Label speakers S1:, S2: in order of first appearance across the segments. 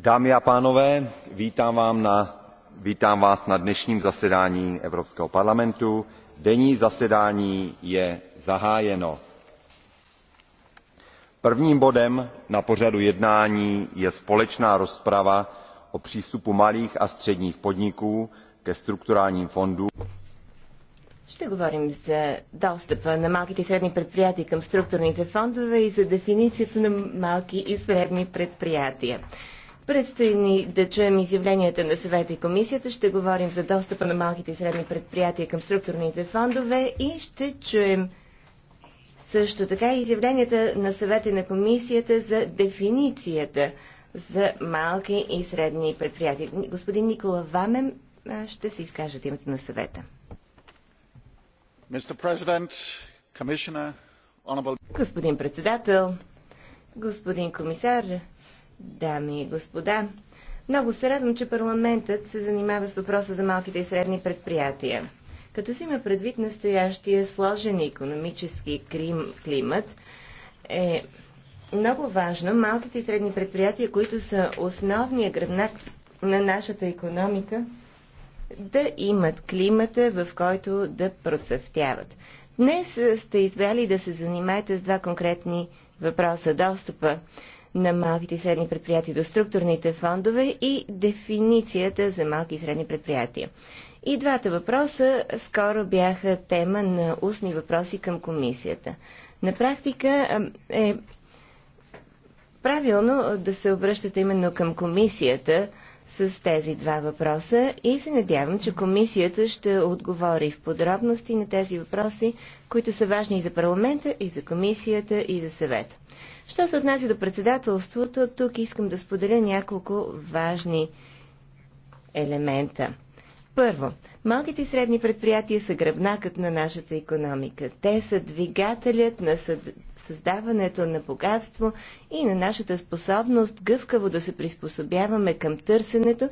S1: Dámy a pánové, vítám, vás na dnešním zasedání Evropského parlamentu. Denní zasedání je zahájeno. Prvním bodem na pořadu jednání je společná rozprava o přístupu malých a středních podniků ke strukturálním fondům.
S2: Ще говорим за достъпа на малките и средни предприятия към структурните фондове и за дефиницията на малки и средни предприятия. Предстои ни да чуем изявленията на съвета и комисията, ще говорим за достъпа на малките и средни предприятия към структурните фондове и ще чуем също така изявленията на съвета и на комисията за дефиницията за малки и средни предприятия. Господин Никола Вамем ще се изкаже от името на съвета. Господин председател, господин комисар, дами и господа! Много се радвам, че парламентът се занимава с въпроса за малките и средни предприятия. Като си има предвид настоящия сложен економически климат, е много важно малките и средни предприятия, които са основния гръбнак на нашата економика, да имат климата, в който да процъфтяват. Днес сте избрали да се занимаете с два конкретни въпроса. Достъпа на малките и средни предприятия до структурните фондове и дефиницията за малки и средни предприятия. И двата въпроса скоро бяха тема на устни въпроси към комисията. На практика е правилно да се обръщате именно към комисията с тези два въпроса и се надявам, че комисията ще отговори в подробности на тези въпроси, които са важни и за парламента, и за комисията, и за съвета. Що се отнася до председателството, тук искам да споделя няколко важни елемента. Първо, малките и средни предприятия са гръбнакът на нашата економика. Те са двигателят на създаването на богатство и на нашата способност гъвкаво да се приспособяваме към търсенето,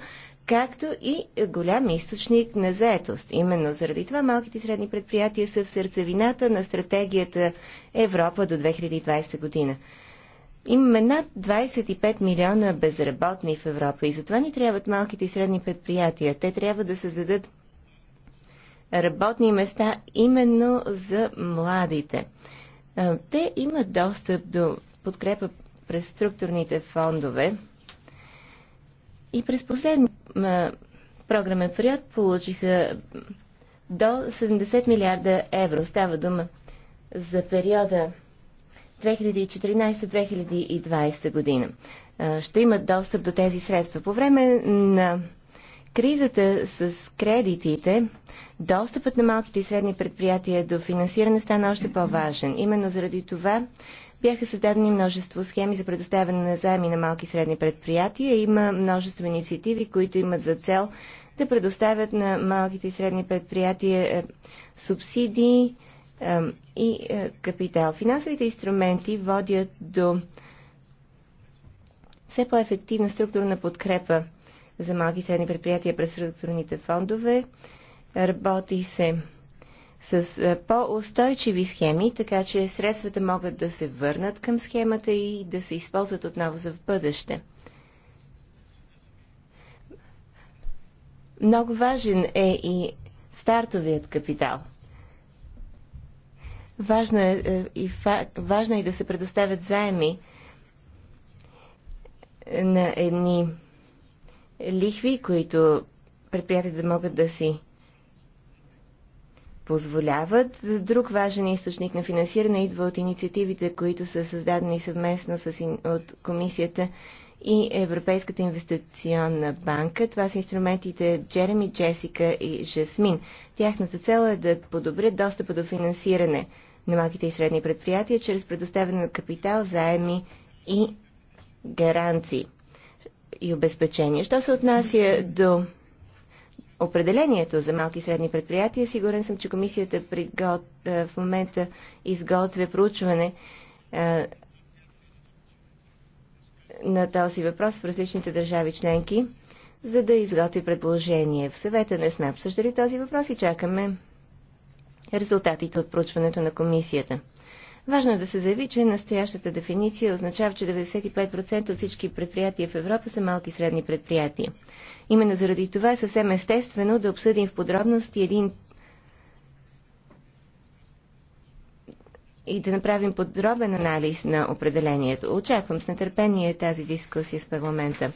S2: както и голям източник на заетост. Именно заради това малките и средни предприятия са в сърцевината на стратегията Европа до 2020 година. Имаме над 25 милиона безработни в Европа и затова ни трябват малките и средни предприятия. Те трябва да създадат работни места именно за младите. Те имат достъп до подкрепа през структурните фондове и през последния програмен период получиха до 70 милиарда евро. Става дума за периода 2014-2020 година. Ще имат достъп до тези средства. По време на кризата с кредитите, достъпът на малките и средни предприятия до финансиране стана още по-важен. Именно заради това бяха създадени множество схеми за предоставяне на заеми на малки и средни предприятия. Има множество инициативи, които имат за цел да предоставят на малките и средни предприятия е, субсидии, и е, капитал. Финансовите инструменти водят до все по-ефективна структурна подкрепа за малки и средни предприятия през структурните фондове. Работи се с е, по-устойчиви схеми, така че средствата могат да се върнат към схемата и да се използват отново за в бъдеще. Много важен е и стартовият капитал – Важно е, е, и фа... важно е да се предоставят заеми на едни лихви, които предприятията могат да си позволяват. Друг важен източник на финансиране идва от инициативите, които са създадени съвместно с, от комисията и Европейската инвестиционна банка. Това са инструментите Джереми, Джесика и Жасмин. Тяхната цел е да подобрят достъпа до финансиране на малките и средни предприятия чрез предоставяне на капитал, заеми и гаранции и обезпечения. Що се отнася до определението за малки и средни предприятия, сигурен съм, че комисията е, в момента изготвя проучване е, на този въпрос в различните държави членки, за да изготви предложение. В съвета не сме обсъждали този въпрос и чакаме резултатите от проучването на комисията. Важно е да се заяви, че настоящата дефиниция означава, че 95% от всички предприятия в Европа са малки и средни предприятия. Именно заради това е съвсем естествено да обсъдим в подробности един и да направим подробен анализ на определението. Очаквам с нетърпение тази дискусия с парламента.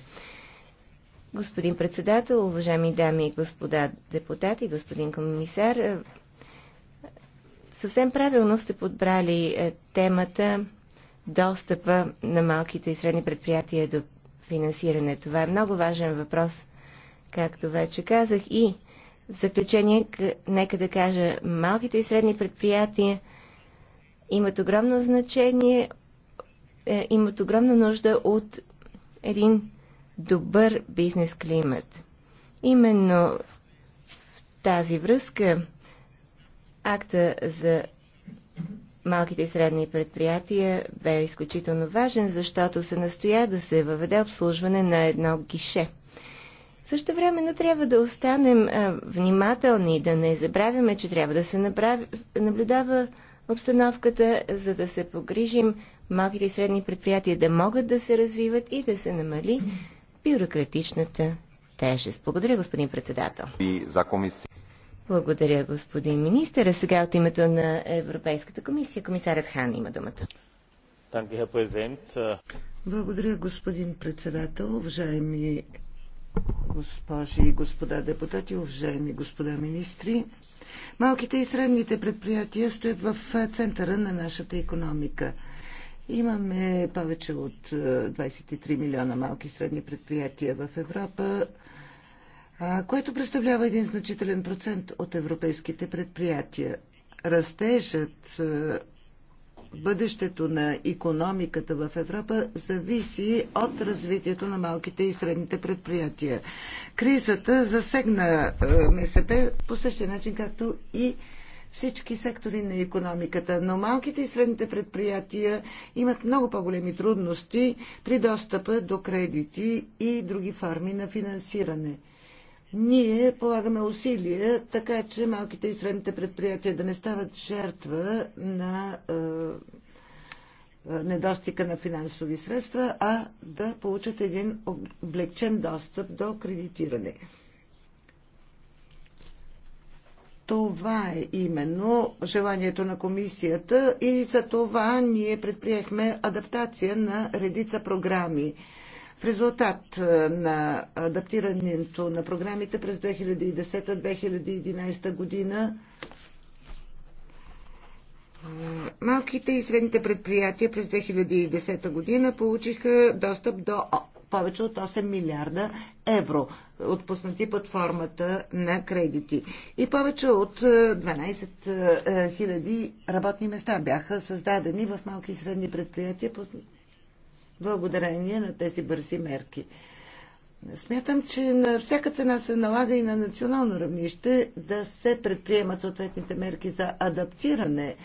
S2: Господин председател, уважаеми дами и господа депутати, господин комисар, Съвсем правилно сте подбрали е, темата достъпа на малките и средни предприятия до финансиране. Това е много важен въпрос, както вече казах. И в заключение, нека да кажа, малките и средни предприятия имат огромно значение, е, имат огромна нужда от един добър бизнес климат. Именно в тази връзка Акта за малките и средни предприятия бе изключително важен, защото се настоя да се въведе обслужване на едно гише. Също време, но трябва да останем а, внимателни, да не забравяме, че трябва да се направи, наблюдава обстановката, за да се погрижим малките и средни предприятия да могат да се развиват и да се намали бюрократичната тежест. Благодаря, господин председател. Благодаря, господин министър. А сега от името на Европейската комисия, комисарят Хан има думата. Благодаря, господин председател, уважаеми госпожи и
S3: господа депутати, уважаеми господа министри. Малките и средните предприятия стоят в центъра на нашата економика. Имаме повече от 23 е, милиона малки и средни предприятия в Европа което представлява един значителен процент от европейските предприятия. Растежът, бъдещето на економиката в Европа зависи от развитието на малките и средните предприятия. Кризата засегна МСП по същия начин, както и всички сектори на економиката, но малките и средните предприятия имат много по-големи трудности при достъпа до кредити и други форми на финансиране. Ние полагаме усилия, така че малките и средните предприятия да не стават жертва на е, е, недостига на финансови средства, а да получат един облегчен достъп до кредитиране. Това е именно желанието на комисията и за това ние предприехме адаптация на редица програми в резултат на адаптирането на програмите през 2010-2011 година малките и средните предприятия през 2010 година получиха достъп до повече от 8 милиарда евро, отпуснати под формата на кредити. И повече от 12 000 работни места бяха създадени в малки и средни предприятия благодарение на тези бързи мерки. Смятам, че на всяка цена се налага и на национално равнище да се предприемат съответните мерки за адаптиране,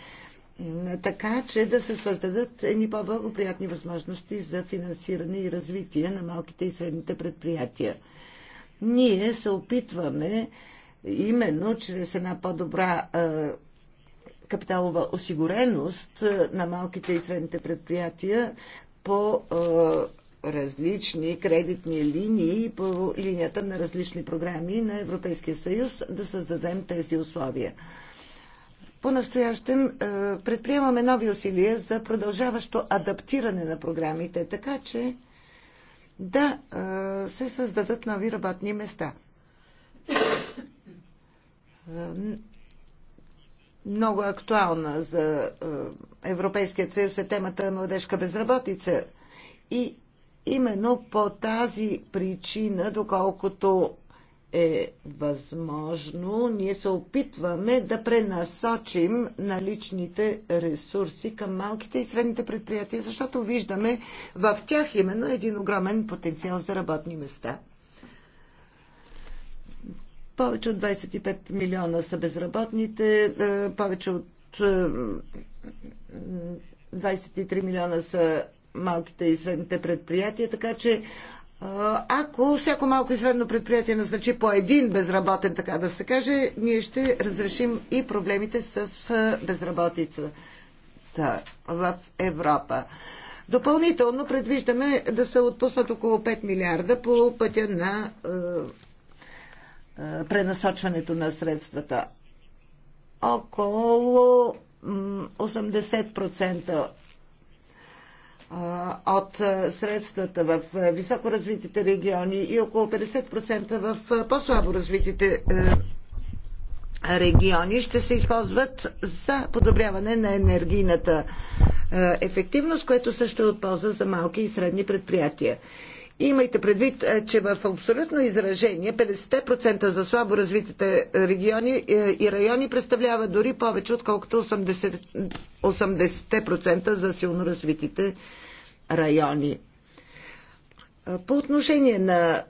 S3: така че да се създадат едни по-благоприятни възможности за финансиране и развитие на малките и средните предприятия. Ние се опитваме именно чрез една по-добра капиталова осигуреност на малките и средните предприятия по различни кредитни линии по линията на различни програми на Европейския съюз да създадем тези условия. По-настоящем предприемаме нови усилия за продължаващо адаптиране на програмите, така че да се създадат нови работни места много актуална за е, Европейския съюз е темата младежка безработица. И именно по тази причина, доколкото е възможно, ние се опитваме да пренасочим наличните ресурси към малките и средните предприятия, защото виждаме в тях именно един огромен потенциал за работни места. Повече от 25 милиона са безработните, е, повече от 23 е, милиона са малките и средните предприятия, така че е, ако всяко малко и средно предприятие назначи по един безработен, така да се каже, ние ще разрешим и проблемите с безработицата в Европа. Допълнително предвиждаме да се отпуснат около 5 милиарда по пътя на е, пренасочването на средствата. Около 80% е, от е, средствата в високоразвитите региони и около 50% в по-слабо развитите региони ще се използват за подобряване на енергийната ефективност, което също е от полза за малки и средни предприятия. Имайте предвид, е, че в абсолютно изражение 50% за слабо развитите е, региони е, и райони представлява дори повече, отколкото 80%, 80% за силно развитите райони. По отношение на е,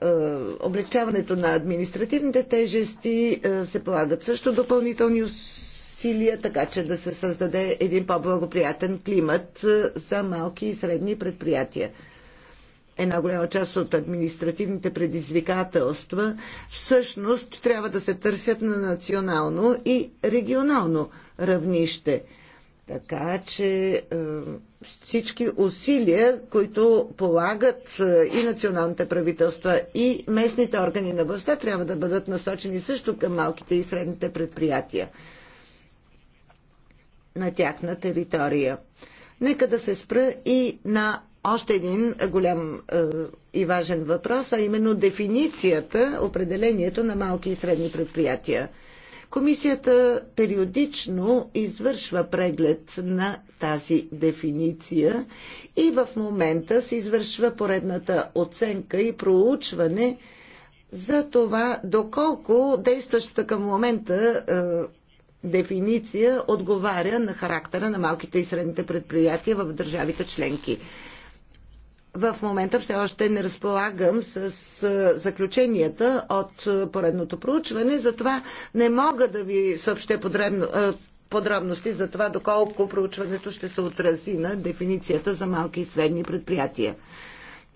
S3: облегчаването на административните тежести е, се полагат също допълнителни усилия, така че да се създаде един по-благоприятен климат е, за малки и средни предприятия една голяма част от административните предизвикателства всъщност трябва да се търсят на национално и регионално равнище. Така че е, всички усилия, които полагат е, и националните правителства, и местните органи на властта, трябва да бъдат насочени също към малките и средните предприятия на тяхна територия. Нека да се спра и на още един е, голям е, и важен въпрос, а именно дефиницията, определението на малки и средни предприятия. Комисията периодично извършва преглед на тази дефиниция и в момента се извършва поредната оценка и проучване за това доколко действащата към момента е, дефиниция отговаря на характера на малките и средните предприятия в държавите членки. В момента все още не разполагам с заключенията от поредното проучване, затова не мога да ви съобщя подребно, подробности за това доколко проучването ще се отрази на дефиницията за малки и средни предприятия.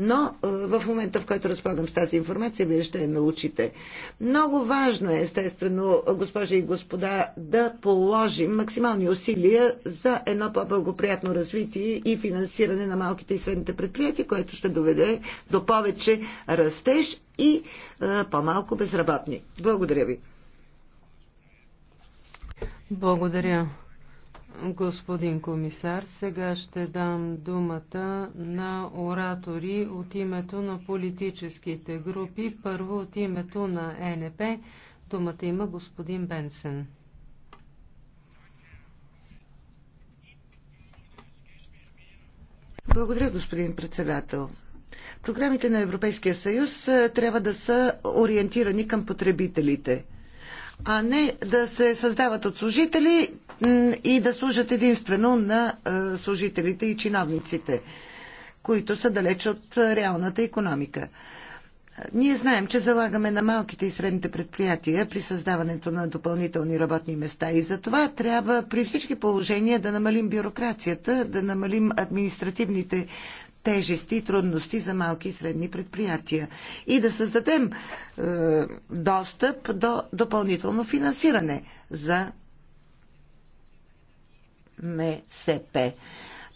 S3: Но е, в момента, в който разполагам с тази информация, вие ще я научите. Много важно е, естествено, госпожи и господа, да положим максимални усилия за едно по-благоприятно развитие и финансиране на малките и средните предприятия, което ще доведе до повече растеж и е, по-малко безработни. Благодаря ви.
S4: Благодаря, господин комисар. Сега ще дам думата на оратори от името на политическите групи. Първо от името на е НП. Думата има господин Бенсен.
S3: Благодаря, господин председател. Програмите на Европейския съюз трябва да са ориентирани към потребителите а не да се създават от служители и да служат единствено на е, служителите и чиновниците, които са далеч от е, реалната економика. Ние знаем, че залагаме на малките и средните предприятия при създаването на допълнителни работни места и за това трябва при всички положения да намалим бюрокрацията, да намалим административните тежести и трудности за малки и средни предприятия и да създадем е, достъп до допълнително финансиране за МСП.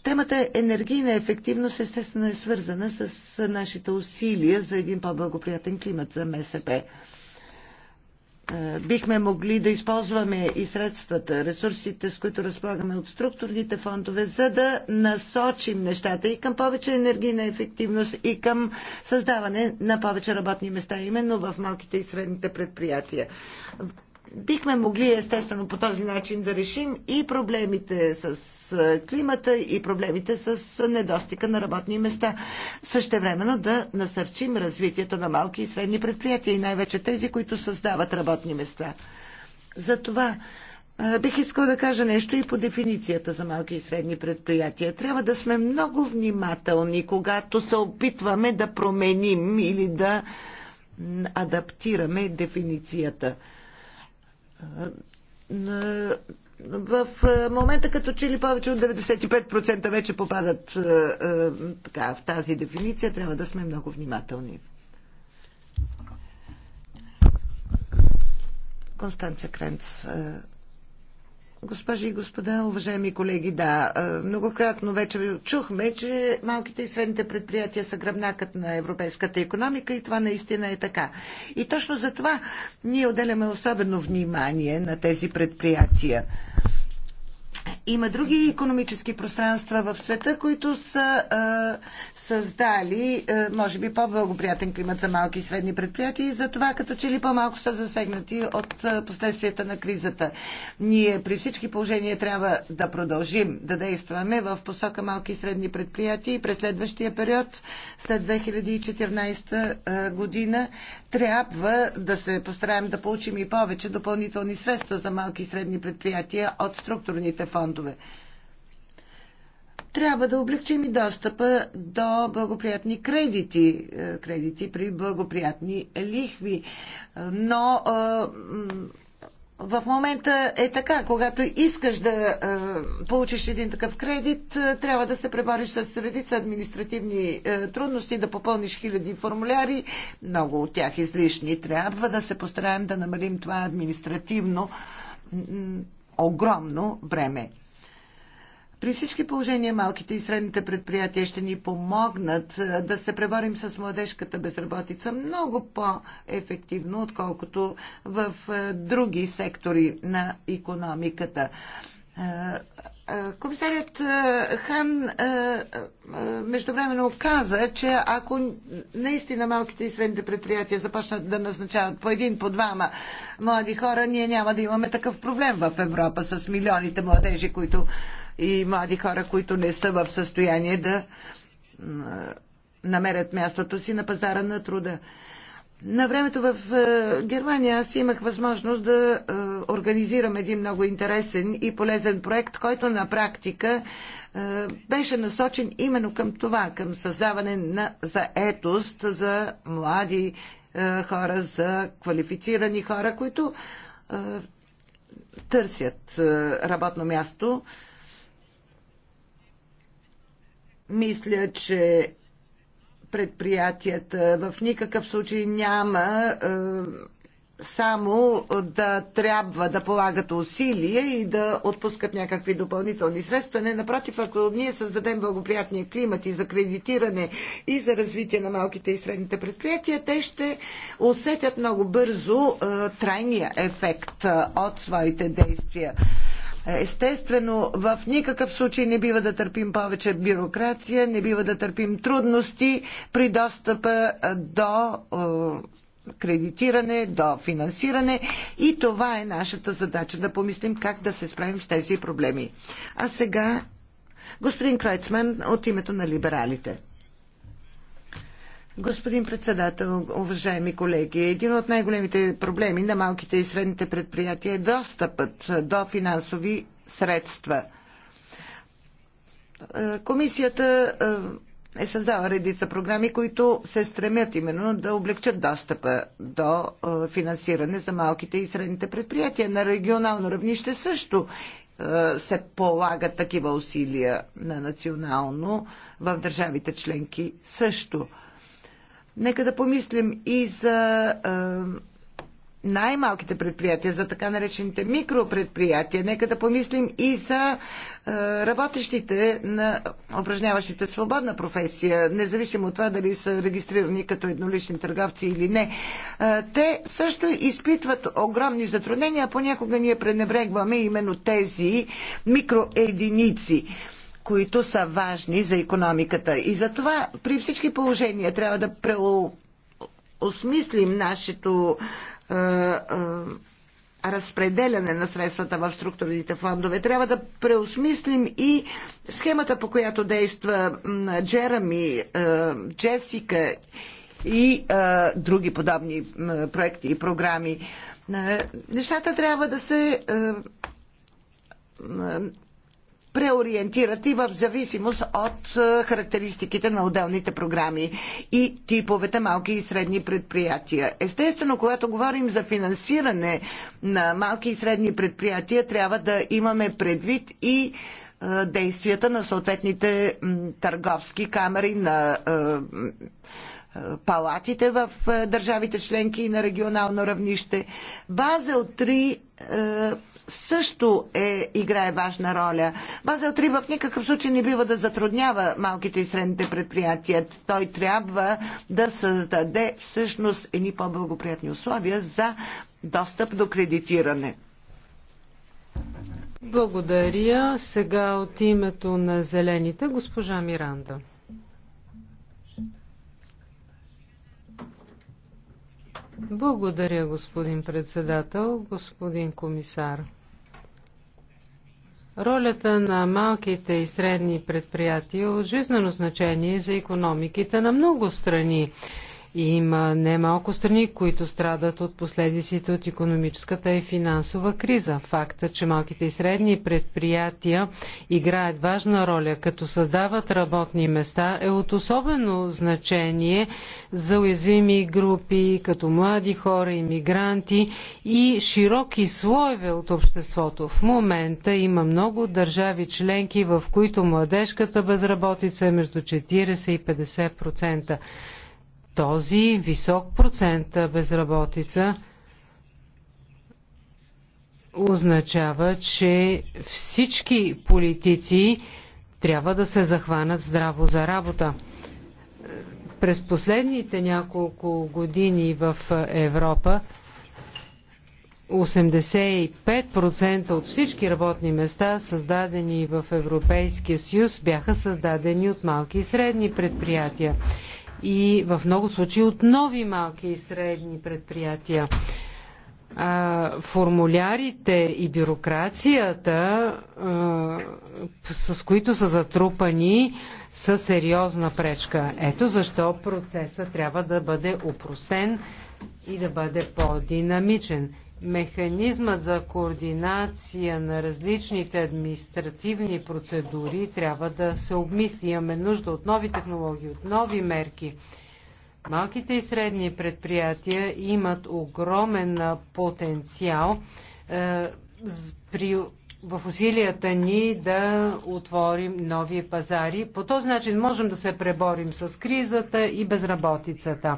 S3: Темата енергийна ефективност естествено е свързана с нашите усилия за един по-благоприятен климат за МСП. Е, бихме могли да използваме и средствата, ресурсите, с които разполагаме от структурните фондове, за да насочим нещата и към повече енергийна ефективност и към създаване на повече работни места, именно в малките и средните предприятия бихме могли естествено по този начин да решим и проблемите с климата, и проблемите с недостига на работни места. Същевременно да насърчим развитието на малки и средни предприятия и най-вече тези, които създават работни места. Затова бих искал да кажа нещо и по дефиницията за малки и средни предприятия. Трябва да сме много внимателни, когато се опитваме да променим или да адаптираме дефиницията. В момента като че ли повече от 95% вече попадат така, в тази дефиниция, трябва да сме много внимателни. Констанция Кренц Госпожи и господа, уважаеми колеги, да, многократно вече чухме, че малките и средните предприятия са гръбнакът на европейската економика и това наистина е така. И точно за това ние отделяме особено внимание на тези предприятия. Има други економически пространства в света, които са а, създали, а, може би, по-благоприятен климат за малки и средни предприятия и за това като че ли по-малко са засегнати от а, последствията на кризата. Ние при всички положения трябва да продължим да действаме в посока малки и средни предприятия и през следващия период, след 2014 а, година, трябва да се постараем да получим и повече допълнителни средства за малки и средни предприятия от структурните фондове. Трябва да облегчим и достъпа до благоприятни кредити, е, кредити при благоприятни лихви, е, но е, в момента е така, когато искаш да е, получиш един такъв кредит, е, трябва да се пребориш с редица административни е, трудности, да попълниш хиляди формуляри, много от тях излишни. Трябва да се постараем да намалим това административно огромно бреме. При всички положения малките и средните предприятия ще ни помогнат е, да се преборим с младежката безработица много по-ефективно, отколкото в е, други сектори на економиката. Е, комисарят Хан междувременно каза, че ако наистина малките и средните предприятия започнат да назначават по един, по двама млади хора, ние няма да имаме такъв проблем в Европа с милионите младежи, които и млади хора, които не са в състояние да намерят мястото си на пазара на труда. На времето в е, Германия аз имах възможност да е, организирам един много интересен и полезен проект, който на практика е, беше насочен именно към това, към създаване на заетост за млади хора, за квалифицирани хора, които търсят работно място мисля, че предприятията в никакъв случай няма е, само да трябва да полагат усилия и да отпускат някакви допълнителни средства. Не, напротив, ако ние създадем благоприятния климат и за кредитиране и за развитие на малките и средните предприятия, те ще усетят много бързо е, трайния ефект е, от своите действия. Естествено, в никакъв случай не бива да търпим повече бюрокрация, не бива да търпим трудности при достъпа до кредитиране, до финансиране и това е нашата задача да помислим как да се справим с тези проблеми. А сега господин Крайцман от името на либералите. Господин председател, уважаеми колеги, един от най-големите проблеми на малките и средните предприятия е достъпът до финансови средства. Е, комисията е, е създала редица програми, които се стремят именно да облегчат достъпа до е, финансиране за малките и средните предприятия. На регионално равнище също се полагат такива усилия на национално в държавите членки също. Нека да помислим и за най-малките предприятия, за така наречените микропредприятия. Нека да помислим и за е, работещите на упражняващите свободна професия, независимо от това дали са регистрирани като еднолични търговци или не. Е, те също изпитват огромни затруднения, а понякога ние пренебрегваме именно тези микроединици които са важни за економиката. И за това при всички положения трябва да преосмислим нашето е, е, разпределяне на средствата в структурните фондове. Трябва да преосмислим и схемата, по която действа Джерами, е, Джесика и други подобни проекти и програми. Нещата трябва да се преориентират и в зависимост от е, характеристиките на отделните програми и типовете малки и средни предприятия. Естествено, когато говорим за финансиране на малки и средни предприятия, трябва да имаме предвид и е, действията на съответните търговски камери, на е, палатите в държавите членки и на регионално равнище. Базел 3 също е, играе важна роля. Базел 3 в никакъв случай не бива да затруднява малките и средните предприятия. Той трябва да създаде всъщност едни по-благоприятни условия за достъп до кредитиране.
S4: Благодаря. Сега от името на Зелените госпожа Миранда. Благодаря, господин председател, господин комисар. Ролята на малките и средни предприятия е от жизнено значение за економиките на много страни. Има немалко страни, които страдат от последиците от економическата и финансова криза. Факта, че малките и средни предприятия играят важна роля, като създават работни места, е от особено значение за уязвими групи, като млади хора, иммигранти и широки слоеве от обществото. В момента има много държави членки, в които младежката безработица е между 40 и 50% този висок процент безработица означава, че всички политици трябва да се захванат здраво за работа. През последните няколко години в Европа 85% от всички работни места, създадени в Европейския съюз, бяха създадени от малки и средни предприятия и в много случаи от нови малки и средни предприятия. Формулярите и бюрокрацията, с които са затрупани, са сериозна пречка. Ето защо процесът трябва да бъде упростен и да бъде по-динамичен. Механизмът за координация на различните административни процедури трябва да се обмисли. Имаме нужда от нови технологии, от нови мерки. Малките и средни предприятия имат огромен потенциал е, в усилията ни да отворим нови пазари. По този начин можем да се преборим с кризата и безработицата.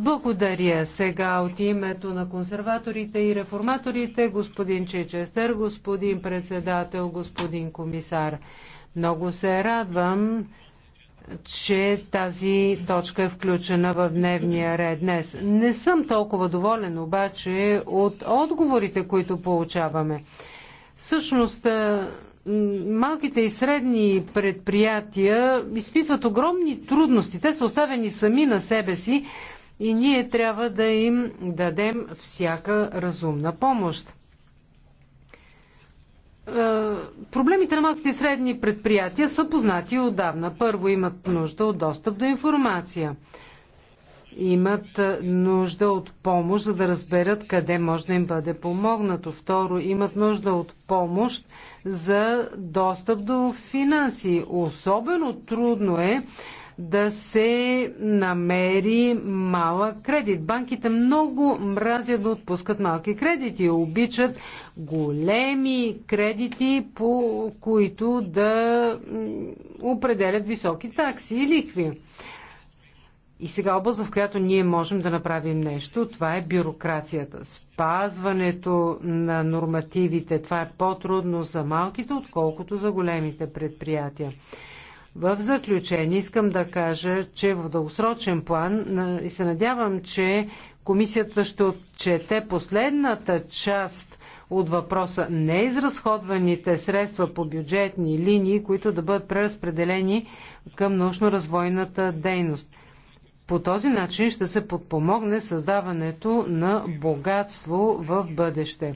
S4: Благодаря сега от името на консерваторите и реформаторите, господин Чечестър, господин председател, господин комисар. Много се радвам, че тази точка е включена в дневния ред днес. Не съм толкова доволен обаче от отговорите, които получаваме. Всъщност, малките и средни предприятия изпитват огромни трудности. Те са оставени сами на себе си, и ние трябва да им дадем всяка разумна помощ. Е, проблемите на малките и средни предприятия са познати отдавна. Първо имат нужда от достъп до информация. Имат е, нужда от помощ, за да разберат къде може да им бъде помогнато. Второ, имат нужда от помощ за достъп до финанси. Особено трудно е да се намери малък кредит. Банките много мразят да отпускат малки кредити, обичат големи кредити, по които да определят високи такси и ликви. И сега област, в която ние можем да направим нещо, това е бюрокрацията. Спазването на нормативите, това е по-трудно за малките, отколкото за големите предприятия. В заключение искам да кажа, че в дългосрочен план и се надявам, че комисията ще отчете последната част от въпроса неизразходваните средства по бюджетни линии, които да бъдат преразпределени към научно-развойната дейност. По този начин ще се подпомогне създаването на богатство в бъдеще.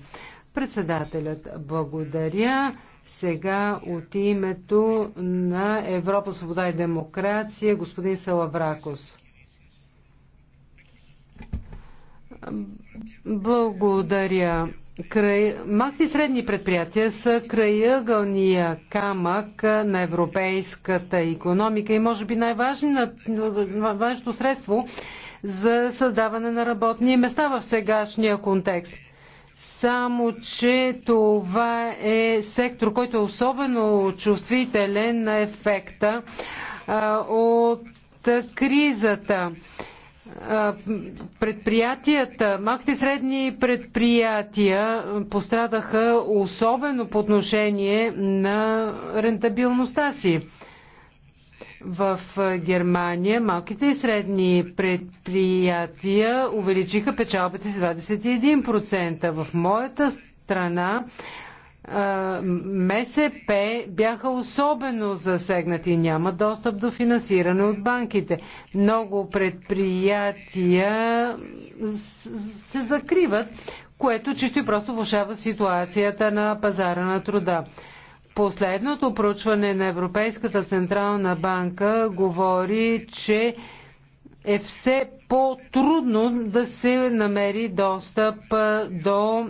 S4: Председателят, благодаря. Сега от името на Европа, свобода и демокрация, господин Салавракос. Благодаря. Край... Малките средни предприятия са краягълния камък на европейската економика и може би най-важното средство за създаване на работни места в сегашния контекст. Само, че това е сектор, който е особено чувствителен на ефекта от кризата. Предприятията, малките и средни предприятия пострадаха особено по отношение на рентабилността си. В Германия малките и средни предприятия увеличиха печалбата си 21%. В моята страна МСП бяха особено засегнати. и Няма достъп до финансиране от банките. Много предприятия се закриват, което чисто и просто влушава ситуацията на пазара на труда. Последното проучване на Европейската централна банка говори, че е все по-трудно да се намери достъп до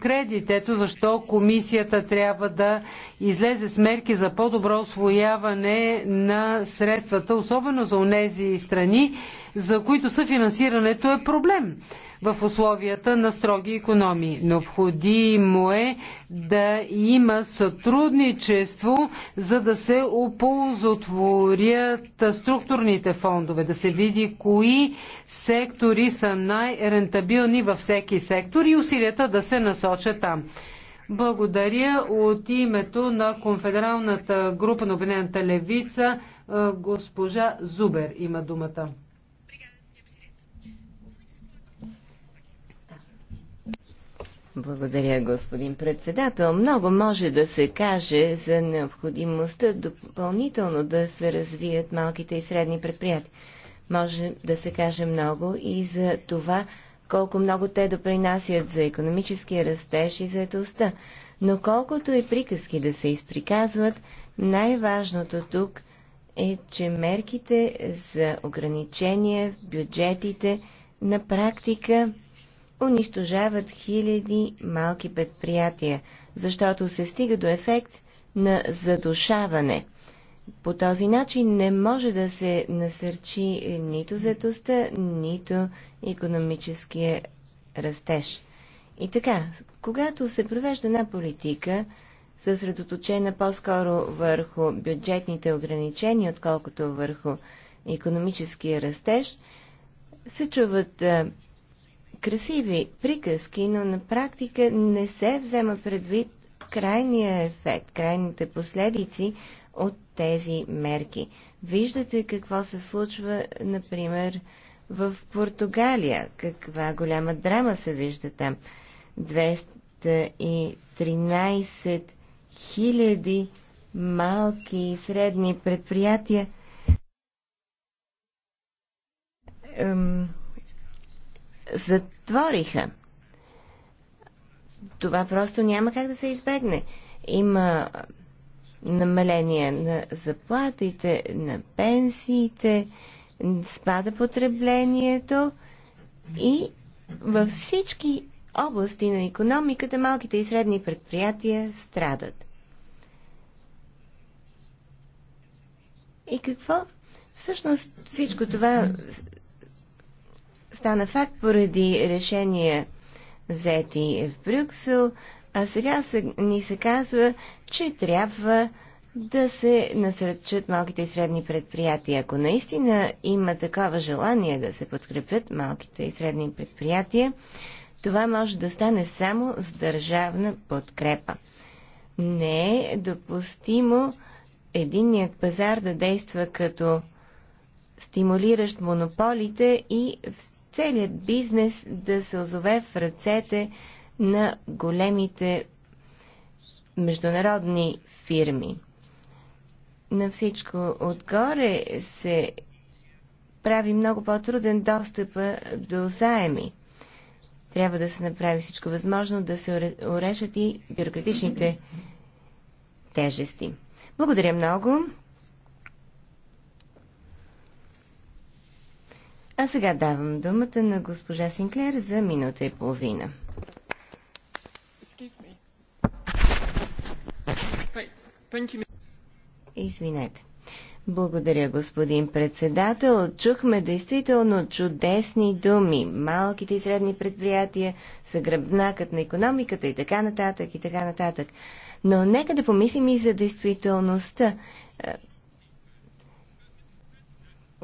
S4: кредит. Ето защо комисията трябва да излезе с мерки за по-добро освояване на средствата, особено за онези страни, за които съфинансирането е проблем в условията на строги економии. Необходимо е да има сътрудничество, за да се оползотворят структурните фондове, да се види кои сектори са най-рентабилни във всеки сектор и усилията да се насочат там. Благодаря от името на Конфедералната група на Обединената левица. Госпожа Зубер има думата.
S2: Благодаря, господин председател. Много може да се каже за необходимостта допълнително да се развият малките и средни предприятия. Може да се каже много и за това, колко много те допринасят за економическия растеж и заедостта. Но колкото и приказки да се изприказват, най-важното тук е, че мерките за ограничения в бюджетите на практика унищожават хиляди малки предприятия, защото се стига до ефект на задушаване. По този начин не може да се насърчи нито заетостта, нито економическия растеж. И така, когато се провежда една политика, съсредоточена по-скоро върху бюджетните ограничения, отколкото върху економическия растеж, се чуват красиви приказки, но на практика не се взема предвид крайния ефект, крайните последици от тези мерки. Виждате какво се случва, например, в Португалия. Каква голяма драма се вижда там. 213 хиляди малки и средни предприятия затвориха. Това просто няма как да се избегне. Има намаление на заплатите, на пенсиите, спада потреблението и във всички области на економиката малките и средни предприятия страдат. И какво? Всъщност всичко това стана факт поради решения взети в Брюксел, а сега се, ни се казва, че трябва да се насръчат малките и средни предприятия. Ако наистина има такова желание да се подкрепят малките и средни предприятия, това може да стане само с държавна подкрепа. Не е допустимо единният пазар да действа като стимулиращ монополите и целият бизнес да се озове в ръцете на големите международни фирми. На всичко отгоре се прави много по-труден достъп до заеми. Трябва да се направи всичко възможно да се урешат и бюрократичните тежести. Благодаря много. А сега давам думата на госпожа Синклер за минута и половина. Извинете. Благодаря, господин председател. Чухме действително чудесни думи. Малките и средни предприятия са гръбнакът на економиката и така нататък, и така нататък. Но нека да помислим и за действителността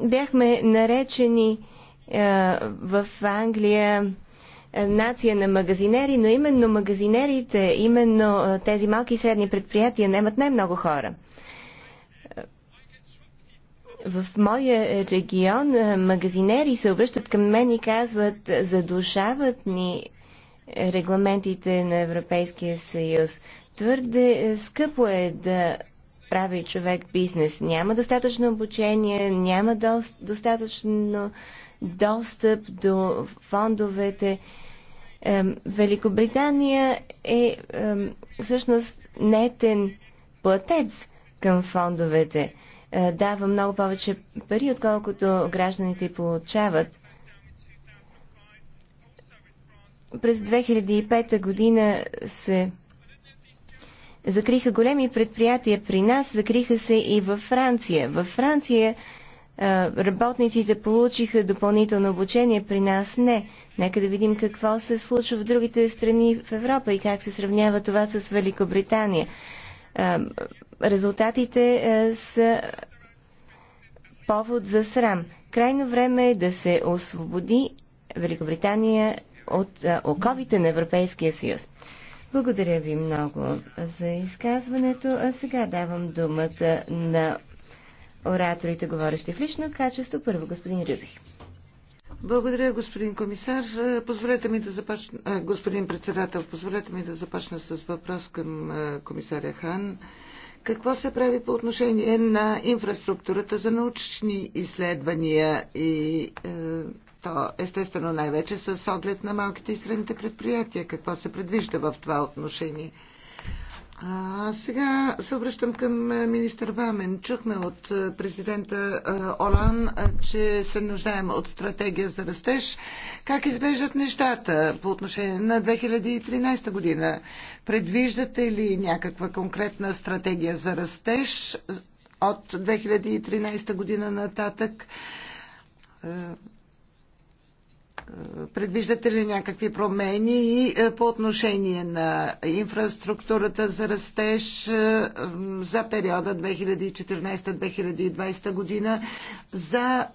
S2: бяхме наречени е, в Англия е, нация на магазинери, но именно магазинерите, именно е, тези малки и средни предприятия нямат най-много хора. В моя регион магазинери се обръщат към мен и казват, задушават ни регламентите на Европейския съюз. Твърде скъпо е да прави човек бизнес. Няма достатъчно обучение, няма до, достатъчно достъп до фондовете. Ем, Великобритания е, ем, всъщност нетен платец към фондовете. Е, дава много повече пари, отколкото гражданите получават. През 2005 година се закриха големи предприятия при нас, закриха се и във Франция. Във Франция работниците получиха допълнително обучение, при нас не. Нека да видим какво се случва в другите страни в Европа и как се сравнява това с Великобритания. Резултатите са повод за срам. Крайно време е да се освободи Великобритания от оковите на Европейския съюз. Благодаря ви много за изказването. А сега давам думата на ораторите, говорещи в лично качество. Първо, господин Рюбих.
S3: Благодаря, господин комисар. Позволете ми да започна, господин председател, позволете ми да започна с въпрос към комисаря Хан. Какво се прави по отношение на инфраструктурата за научни изследвания и е, то естествено най-вече с оглед на малките и средните предприятия, какво се предвижда в това отношение. А, сега се обръщам към министър Вамен. Чухме от президента Олан, че се нуждаем от стратегия за растеж. Как изглеждат нещата по отношение на 2013 година? Предвиждате ли някаква конкретна стратегия за растеж от 2013 година нататък? Предвиждате ли някакви промени и е, по отношение на инфраструктурата за растеж е, за периода 2014-2020 година за е,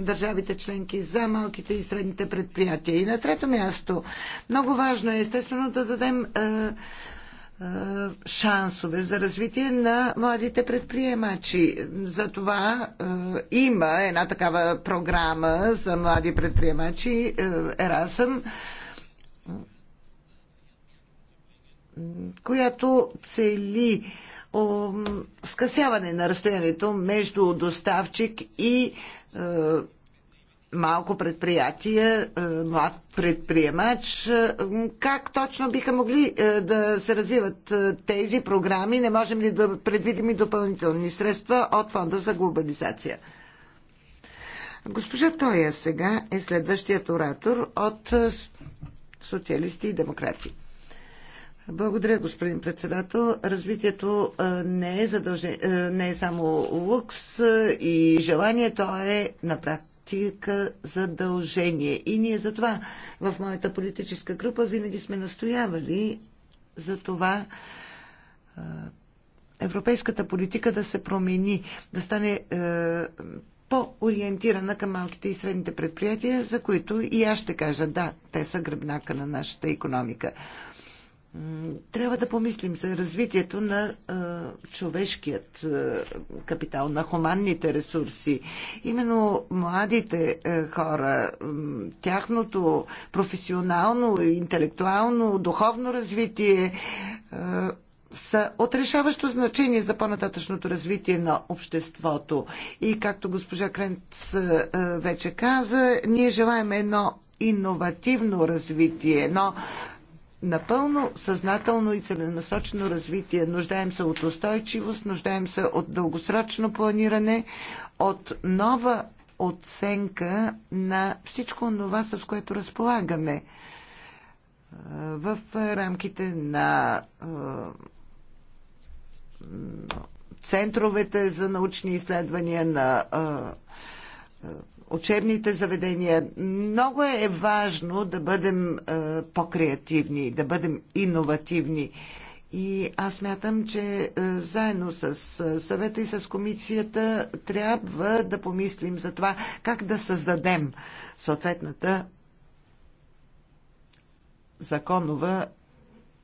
S3: държавите членки, за малките и средните предприятия? И на трето място, много важно е естествено да дадем шансове за развитие на младите предприемачи. Затова има една такава програма за млади предприемачи Ерасъм, която цели скъсяване на разстоянието между доставчик и малко предприятие, млад предприемач. Е, как точно биха могли е, да се развиват е, тези програми? Не можем ли да предвидим и допълнителни средства от Фонда за глобализация? Госпожа Тоя сега е следващият оратор от социалисти и демократи. Благодаря, господин председател. Развитието не е, задължен... не е само лукс и желание, то е на практика политика задължение. И ние затова в моята политическа група винаги сме настоявали за това европейската политика да се промени, да стане по-ориентирана към малките и средните предприятия, за които и аз ще кажа, да, те са гръбнака на нашата економика. Трябва да помислим за развитието на а, човешкият а, капитал, на хуманните ресурси. Именно младите а, хора, а, тяхното професионално, интелектуално, духовно развитие а, са отрешаващо значение за по-нататъчното развитие на обществото. И както госпожа Кренц а, вече каза, ние желаем едно иновативно развитие, едно напълно съзнателно и целенасочено развитие. Нуждаем се от устойчивост, нуждаем се от дългосрочно планиране, от нова оценка на всичко това, с което разполагаме в рамките на центровете за научни изследвания на учебните заведения. Много е важно да бъдем е, по-креативни, да бъдем иновативни. И аз мятам, че е, заедно с е, съвета и с комисията трябва да помислим за това как да създадем съответната законова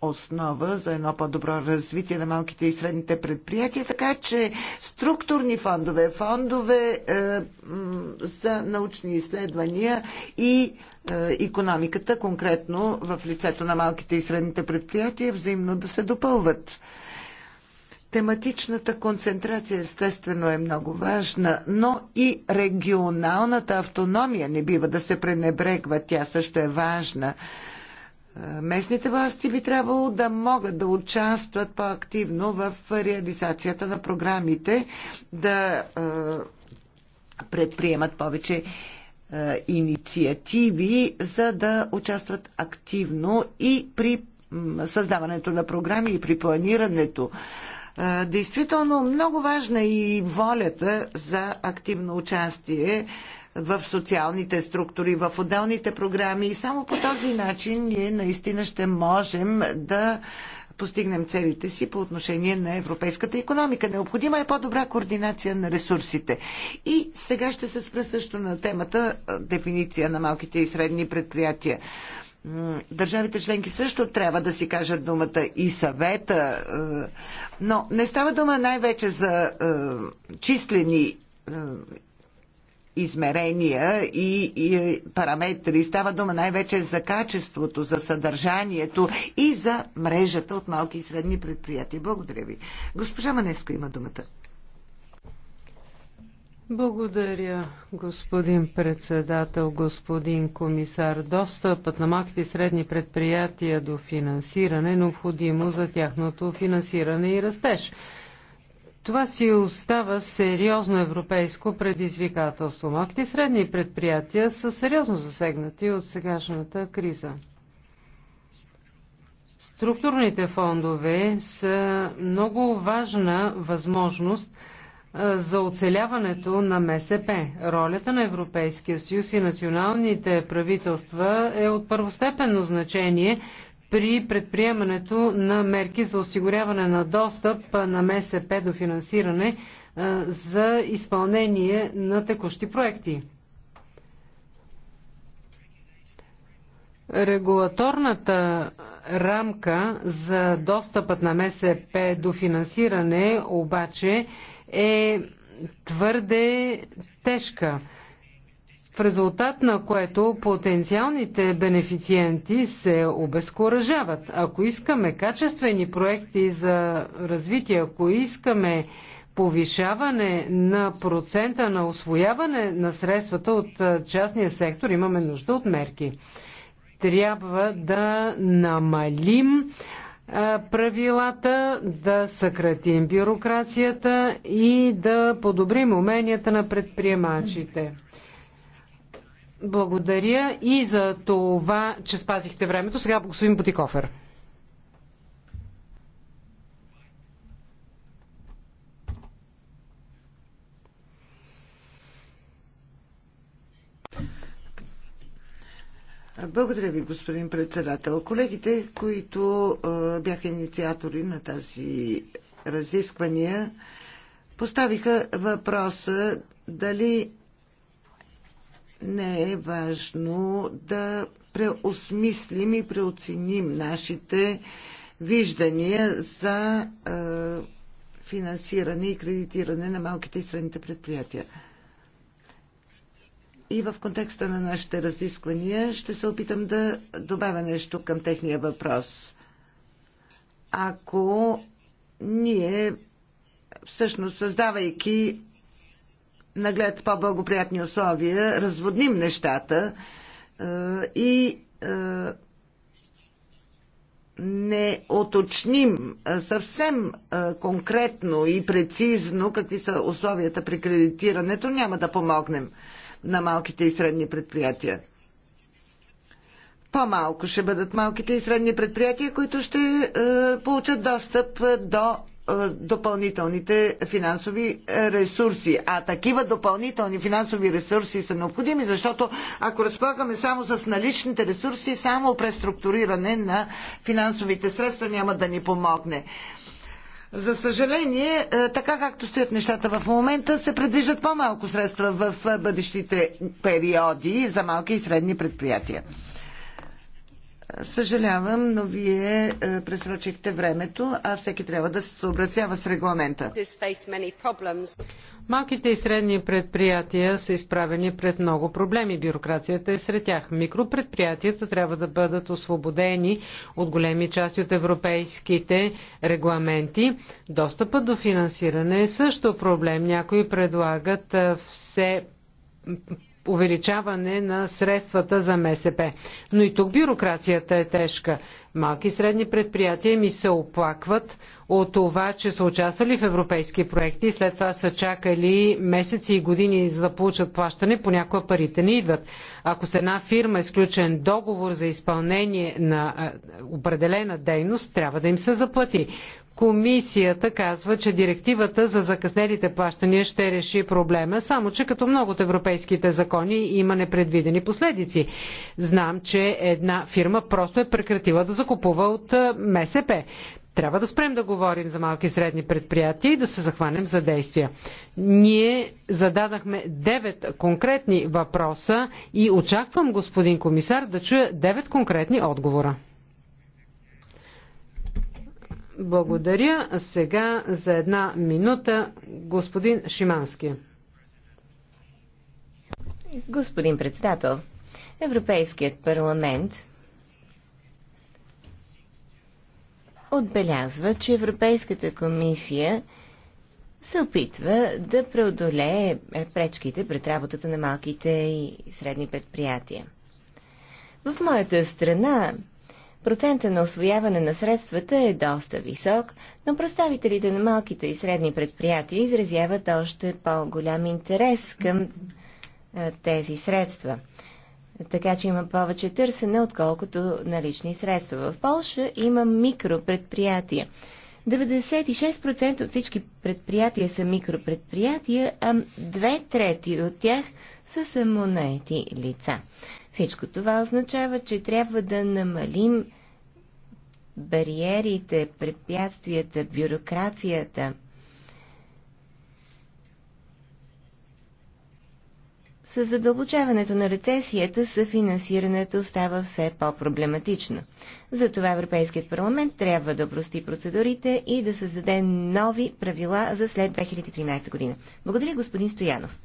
S3: основа за едно по-добро развитие на малките и средните предприятия, така че структурни фондове, фондове е, за научни изследвания и е, економиката, конкретно в лицето на малките и средните предприятия, взаимно да се допълват. Тематичната концентрация естествено е много важна, но и регионалната автономия не бива да се пренебрегва. Тя също е важна. Е, местните власти би трябвало да могат да участват по-активно в реализацията на програмите, да е, предприемат повече е, инициативи, за да участват активно и при създаването на програми и при планирането. Действително много важна е и волята за активно участие в социалните структури, в отделните програми и само по този начин ние наистина ще можем да постигнем целите си по отношение на европейската економика. Необходима е по-добра координация на ресурсите. И сега ще се спра също на темата дефиниция на малките и средни предприятия. Държавите членки също трябва да си кажат думата и съвета, но не става дума най-вече за числени измерения и, и параметри. Става дума най-вече за качеството, за съдържанието и за мрежата от малки и средни предприятия. Благодаря ви. Госпожа Манеско има думата.
S4: Благодаря, господин председател, господин комисар. Достъпът на малките и средни предприятия до финансиране е необходимо за тяхното финансиране и растеж. Това си остава сериозно европейско предизвикателство. Малките и средни предприятия са сериозно засегнати от сегашната криза. Структурните фондове са много важна възможност за оцеляването на МСП. Ролята на Европейския съюз и националните правителства е от първостепенно значение при предприемането на мерки за осигуряване на достъп на МСП до финансиране за изпълнение на текущи проекти. Регулаторната рамка за достъпът на МСП до финансиране обаче е твърде тежка в резултат на което потенциалните бенефициенти се обезкуражават. Ако искаме качествени проекти за развитие, ако искаме повишаване на процента на освояване на средствата от частния сектор, имаме нужда от мерки. Трябва да намалим правилата, да съкратим бюрокрацията и да подобрим уменията на предприемачите. Благодаря и за това, че спазихте времето. Сега господин Бутикофер.
S3: Благодаря ви, господин председател. Колегите, които бяха инициатори на тази разисквания, поставиха въпроса дали не е важно да преосмислим и преоценим нашите виждания за е, финансиране и кредитиране на малките и средните предприятия. И в контекста на нашите разисквания ще се опитам да добавя нещо към техния въпрос. Ако ние всъщност създавайки наглед по-благоприятни условия, разводним нещата е, и е, не оточним е, съвсем конкретно и прецизно какви са условията при кредитирането, няма да помогнем на малките и средни предприятия. По-малко ще бъдат малките и средни предприятия, които ще получат достъп до е, допълнителните финансови е, ресурси. А такива допълнителни финансови ресурси са необходими, защото ако разполагаме само с наличните ресурси, само преструктуриране на финансовите средства няма да ни помогне. За съжаление, е, така както стоят нещата в момента, се предвиждат по-малко средства в бъдещите периоди за малки и средни предприятия. Съжалявам, но вие е, пресрочихте времето, а всеки трябва да се съобразява с регламента.
S4: Малките и средни предприятия са изправени пред много проблеми. Бюрокрацията е сред тях. Микропредприятията трябва да бъдат освободени от големи части от европейските регламенти. Достъпът до финансиране е също проблем. Някои предлагат е, все увеличаване на средствата за МСП. Но и тук бюрокрацията е тежка. Малки и средни предприятия ми се оплакват от това, че са участвали в европейски проекти и след това са чакали месеци и години за да получат плащане, понякога парите не идват. Ако с една фирма е сключен договор за изпълнение на определена дейност, трябва да им се заплати. Комисията казва, че директивата за закъснелите плащания ще реши проблема, само че като много от европейските закони има непредвидени последици. Знам, че една фирма просто е прекратила да закупува от МСП. Трябва да спрем да говорим за малки и средни предприятия и да се захванем за действия. Ние зададахме 9 конкретни въпроса и очаквам, господин комисар, да чуя 9 конкретни отговора. Благодаря. Сега за една
S2: минута господин Шимански. Господин председател, Европейският парламент отбелязва, че Европейската комисия се опитва да преодолее е, пречките пред работата на малките и средни предприятия. В моята страна процента на освояване на средствата е доста висок, но представителите на малките и средни предприятия изразяват още по-голям интерес към е, тези средства така че има повече търсене, отколкото налични средства. В Польша има микропредприятия. 96% от всички предприятия са микропредприятия, а две трети от тях са самонаети лица. Всичко това означава, че трябва да намалим бариерите, препятствията, бюрокрацията – С задълбочаването на рецесията съфинансирането става все по-проблематично. Затова Европейският парламент трябва да прости процедурите и да създаде нови правила за след 2013 година. Благодаря, господин Стоянов.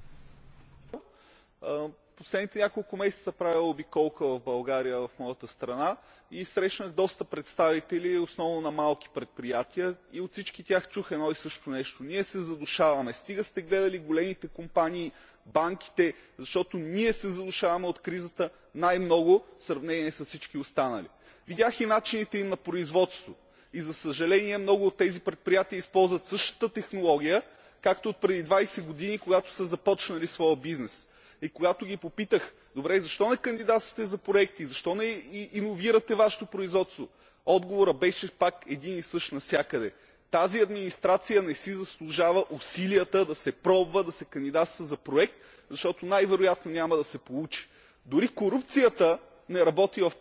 S1: Последните няколко месеца правя обиколка в България, в моята страна и срещнах доста представители, основно на малки предприятия и от всички тях чух едно и също нещо. Ние се задушаваме. Стига сте гледали големите компании банките защото ние се задушаваме от кризата най много в сравнение с всички останали. видях и начините им на производство и за съжаление много от тези предприятия използват същата технология както отпреди двадесет години когато са започнали своя бизнес. и когато ги попитах добре защо не кандидатствате за проекти защо не иновирате вашето производство отговорът беше пак един и същ навсякъде тази администрация не си заслужава усилията да се пробва да се кандидатства за проект защото най вероятно няма да се получи. дори корупцията не работи в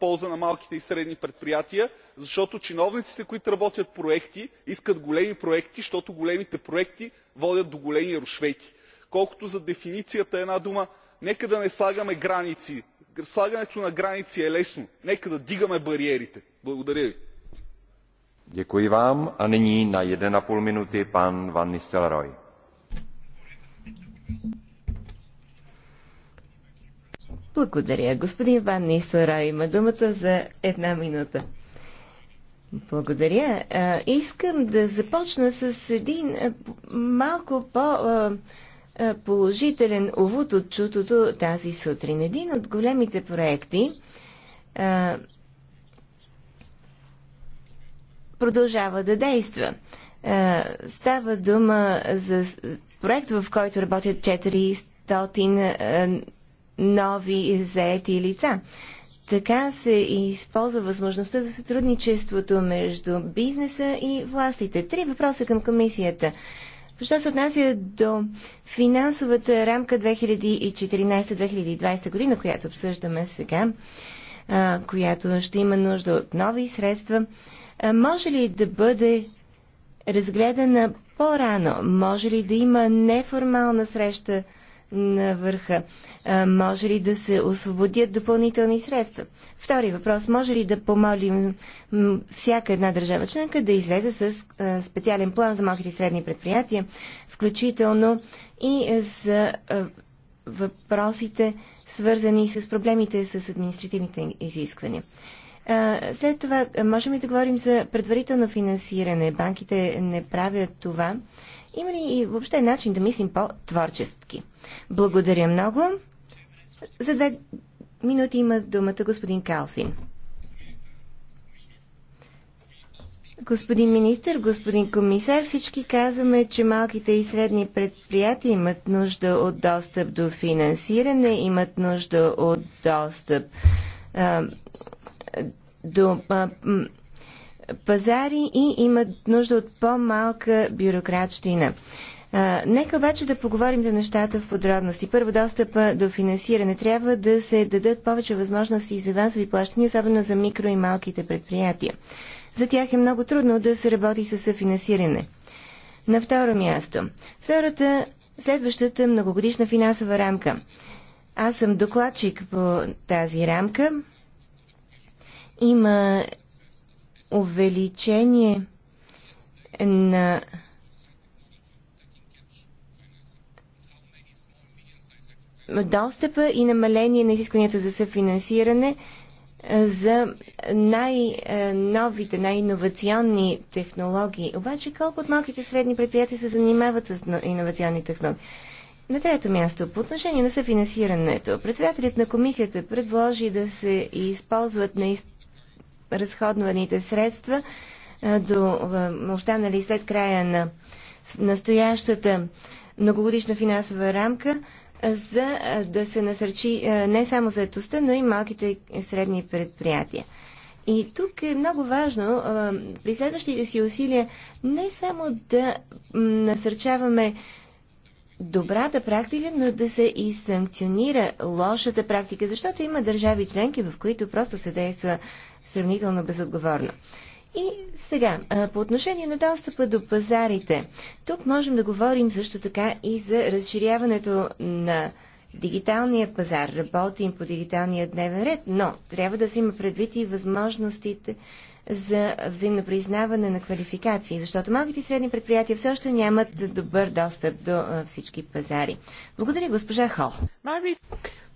S1: полза на малките и средни предприятия защото чиновниците които работят проекти искат големи проекти защото големите проекти водят до големи рушвети. колкото за дефиницията една дума нека да не слагаме граници. слагането на граници е лесно нека да вдигаме бариерите. благодаря ви. Děkuji vám a nyní na 1,5 minuty pan Van Nistelrooy.
S2: Благодаря. Господин Ван Нисора има думата за една минута. Благодаря. искам да започна с един малко по- положителен увод от чутото тази сутрин. Един от големите проекти, продължава да действа. Е, става дума за проект, в който работят 400 е, нови заети лица. Така се използва възможността за сътрудничеството между бизнеса и властите. Три въпроса към комисията. Що се отнася до финансовата рамка 2014-2020 година, която обсъждаме сега, която ще има нужда от нови средства, може ли да бъде разгледана по-рано? Може ли да има неформална среща на върха? Може ли да се освободят допълнителни средства? Втори въпрос. Може ли да помолим всяка една държава членка да излезе с специален план за малките и средни предприятия, включително и за въпросите, свързани с проблемите с административните изисквания? След това, можем ли да говорим за предварително финансиране? Банките не правят това. Има ли и въобще начин да мислим по-творчески? Благодаря много. За две минути има думата господин Калфин. Господин министр, господин комисар, всички казваме, че малките и средни предприятия имат нужда от достъп до финансиране, имат нужда от достъп а, до а, пазари и имат нужда от по-малка бюрократщина. А, нека обаче да поговорим за нещата в подробности. Първо, достъпа до финансиране. Трябва да се дадат повече възможности за вас ви плащания, особено за микро и малките предприятия. За тях е много трудно да се работи с съфинансиране. На второ място. Втората, следващата многогодишна финансова рамка. Аз съм докладчик по тази рамка. Има увеличение на достъпа и намаление на изискванията за съфинансиране за най-новите, най-инновационни технологии. Обаче колко от малките средни предприятия се занимават с инновационни технологии? На трето място, по отношение на съфинансирането, председателят на комисията предложи да се използват на изп разходваните средства до останали след края на настоящата многогодишна финансова рамка, за да се насърчи не само заетостта, но и малките и средни предприятия. И тук е много важно при следващите си усилия не само да насърчаваме добрата практика, но да се и санкционира лошата практика, защото има държави членки, в които просто се действа сравнително безотговорно. И сега, по отношение на достъпа до пазарите, тук можем да говорим също така и за разширяването на дигиталния пазар. Работим по дигиталния дневен ред, но трябва да се има предвид и възможностите за взаимно признаване на квалификации, защото малките и средни предприятия все още нямат добър достъп до всички пазари. Благодаря, госпожа Хол.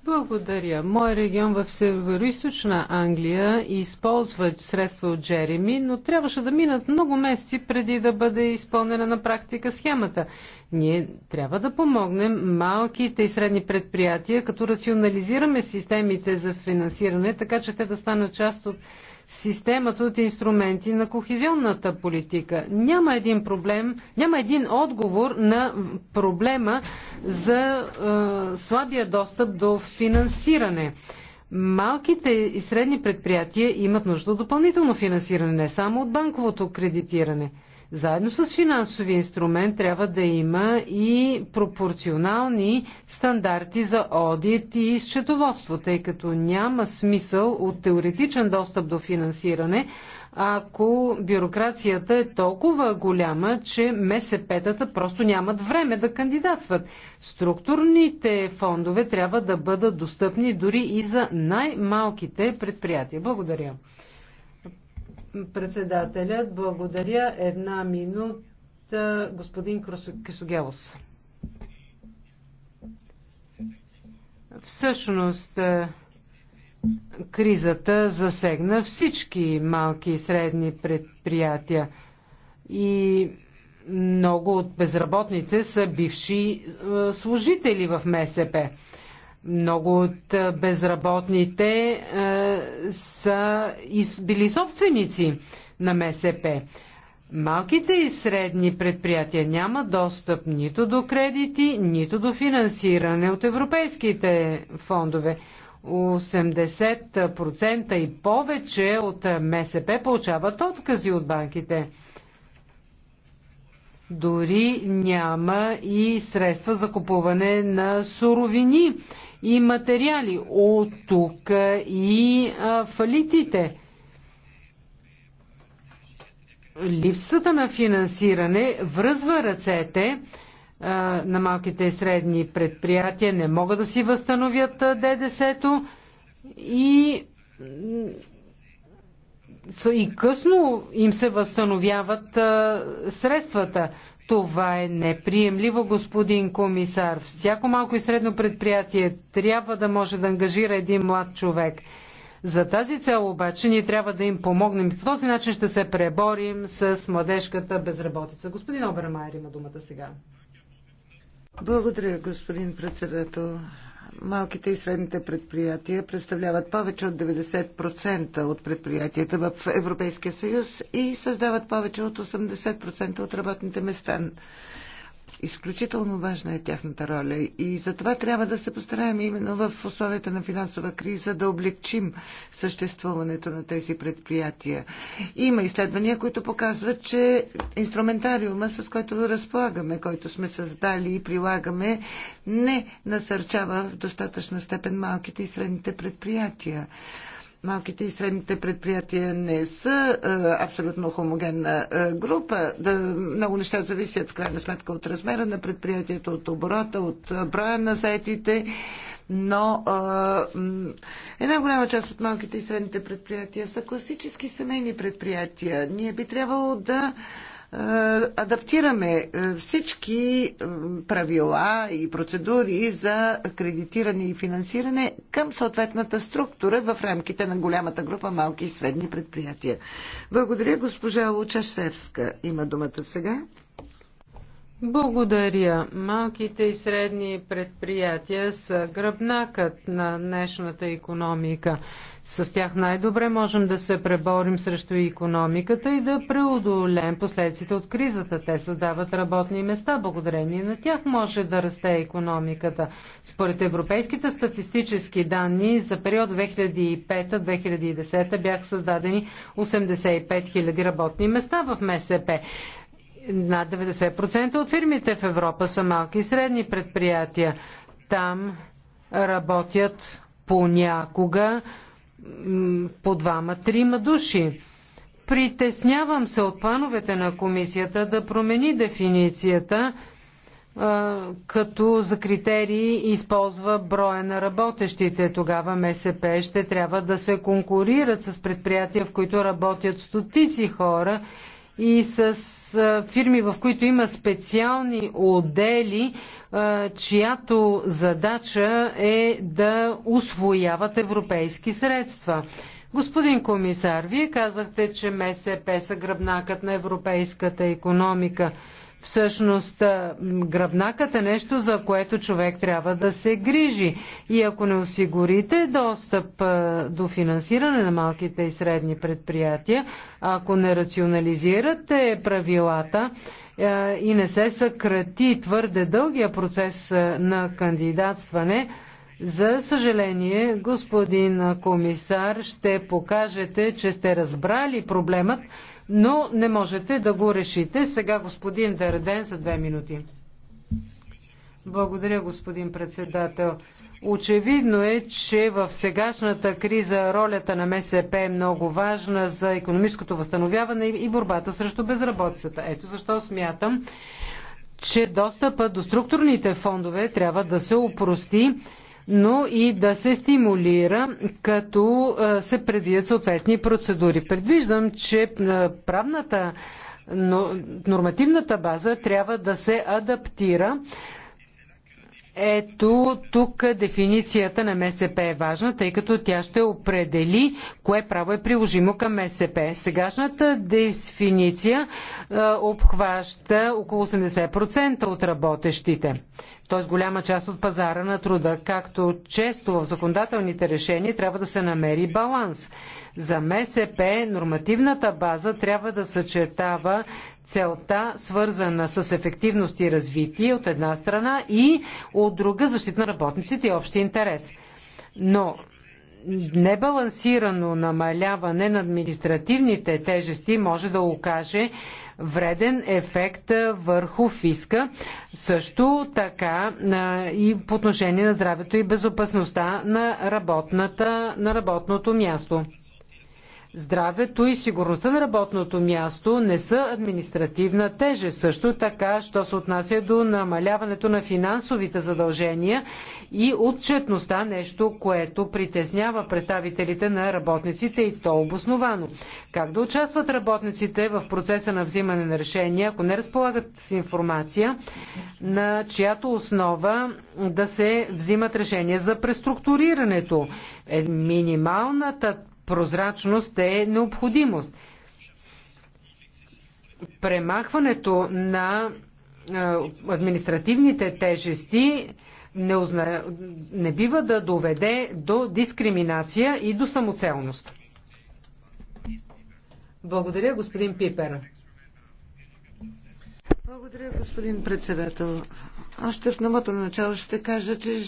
S4: Благодаря. Мой регион в Североизточна Англия използва средства от Джереми, но трябваше да минат много месеци преди да бъде изпълнена на практика схемата. Ние трябва да помогнем малките и средни предприятия, като рационализираме системите за финансиране, така че те да станат част от системата от инструменти на кохезионната политика. Няма един проблем, няма един отговор на проблема за е, слабия достъп до финансиране. Малките и средни предприятия имат нужда от допълнително финансиране, не само от банковото кредитиране. Заедно с финансови инструмент трябва да има и пропорционални стандарти за одит и счетоводство, тъй като няма смисъл от теоретичен достъп до финансиране, ако бюрокрацията е толкова голяма, че МСП-тата просто нямат време да кандидатстват. Структурните фондове трябва да бъдат достъпни дори и за най-малките предприятия. Благодаря. Председателят, благодаря. Една минута, господин Кисогелос. Всъщност, е, кризата засегна всички малки и средни предприятия. И много от безработните са бивши е, служители в МСП. Много от безработните са били собственици на МСП. Малките и средни предприятия няма достъп нито до кредити, нито до финансиране от европейските фондове. 80% и повече от МСП получават откази от банките. Дори няма и средства за купуване на суровини и материали. От тук и а, фалитите. Липсата на финансиране връзва ръцете а, на малките и средни предприятия, не могат да си възстановят ДДС-то и и късно им се възстановяват а, средствата. Това е неприемливо, господин комисар. Всяко малко и средно предприятие трябва да може да ангажира един млад човек. За тази цел обаче ние трябва да им помогнем. По този начин ще се преборим с младежката безработица. Господин Обермайер има думата сега.
S3: Благодаря, господин председател. Малките и средните предприятия представляват повече от 90% от предприятията в Европейския съюз и създават повече от 80% от работните места. Изключително важна е тяхната роля и за това трябва да се постараем именно в условията на финансова криза да облегчим съществуването на тези предприятия. Има изследвания, които показват, че инструментариума, с който разполагаме, който сме създали и прилагаме, не насърчава в достатъчна степен малките и средните предприятия малките и средните предприятия не са а, е, абсолютно хомогенна а, е, група. Да, много неща зависят в крайна сметка от размера на предприятието, от оборота, от е, броя на заетите, но а, една голяма част от малките и средните предприятия са класически семейни предприятия. Ние би трябвало да а, е, адаптираме е, всички правила и процедури за кредитиране и финансиране към съответната структура в рамките на голямата група малки и средни предприятия. Благодаря, госпожа Лучашевска. Има думата сега.
S4: Благодаря. Малките и средни предприятия са гръбнакът на днешната економика. С тях най-добре можем да се преборим срещу економиката и да преодолем последиците от кризата. Те създават работни места. Благодарение на тях може да расте економиката. Според европейските статистически данни за период 2005-2010 бях създадени 85 000 работни места в МСП над 90% от фирмите в Европа са малки и средни предприятия. Там работят понякога по двама-трима души. Притеснявам се от плановете на комисията да промени дефиницията, като за критерии използва броя на работещите. Тогава МСП ще трябва да се конкурират с предприятия, в които работят стотици хора и с фирми, в които има специални отдели, чиято задача е да освояват европейски средства. Господин комисар, вие казахте, че МСП са гръбнакът на европейската економика. Всъщност, гръбнакът е нещо, за което човек трябва да се грижи. И ако не осигурите достъп до финансиране на малките и средни предприятия, ако не рационализирате правилата, и не се съкрати твърде дългия процес на кандидатстване, за съжаление, господин комисар, ще покажете, че сте разбрали проблемът но не можете да го решите. Сега господин Дърден за две минути. Благодаря, господин председател. Очевидно е, че в сегашната криза ролята на МСП е много важна за економическото възстановяване и борбата срещу безработицата. Ето защо смятам, че достъпа до структурните фондове трябва да се упрости но и да се стимулира, като се предвидят съответни процедури. Предвиждам, че правната но нормативната база трябва да се адаптира. Ето тук дефиницията на МСП е важна, тъй като тя ще определи кое право е приложимо към МСП. Сегашната дефиниция е, обхваща около 80% от работещите т.е. голяма част от пазара на труда. Както често в законодателните решения трябва да се намери баланс. За МСП нормативната база трябва да съчетава целта, свързана с ефективност и развитие от една страна и от друга защита на работниците и общия интерес. Но небалансирано намаляване на административните тежести може да окаже вреден ефект върху фиска, също така и по отношение на здравето и безопасността на, работната, на работното място. Здравето и сигурността на работното място не са административна теже. Също така, що се отнася до намаляването на финансовите задължения и отчетността, нещо, което притеснява представителите на работниците и то обосновано. Как да участват работниците в процеса на взимане на решения, ако не разполагат с информация, на чиято основа да се взимат решения за преструктурирането? Е, минималната прозрачност е необходимост. Премахването на административните тежести не, узна... не бива да доведе до дискриминация и до самоцелност. Благодаря, господин Пипер.
S3: Благодаря, господин председател. Още в новото начало ще кажа, че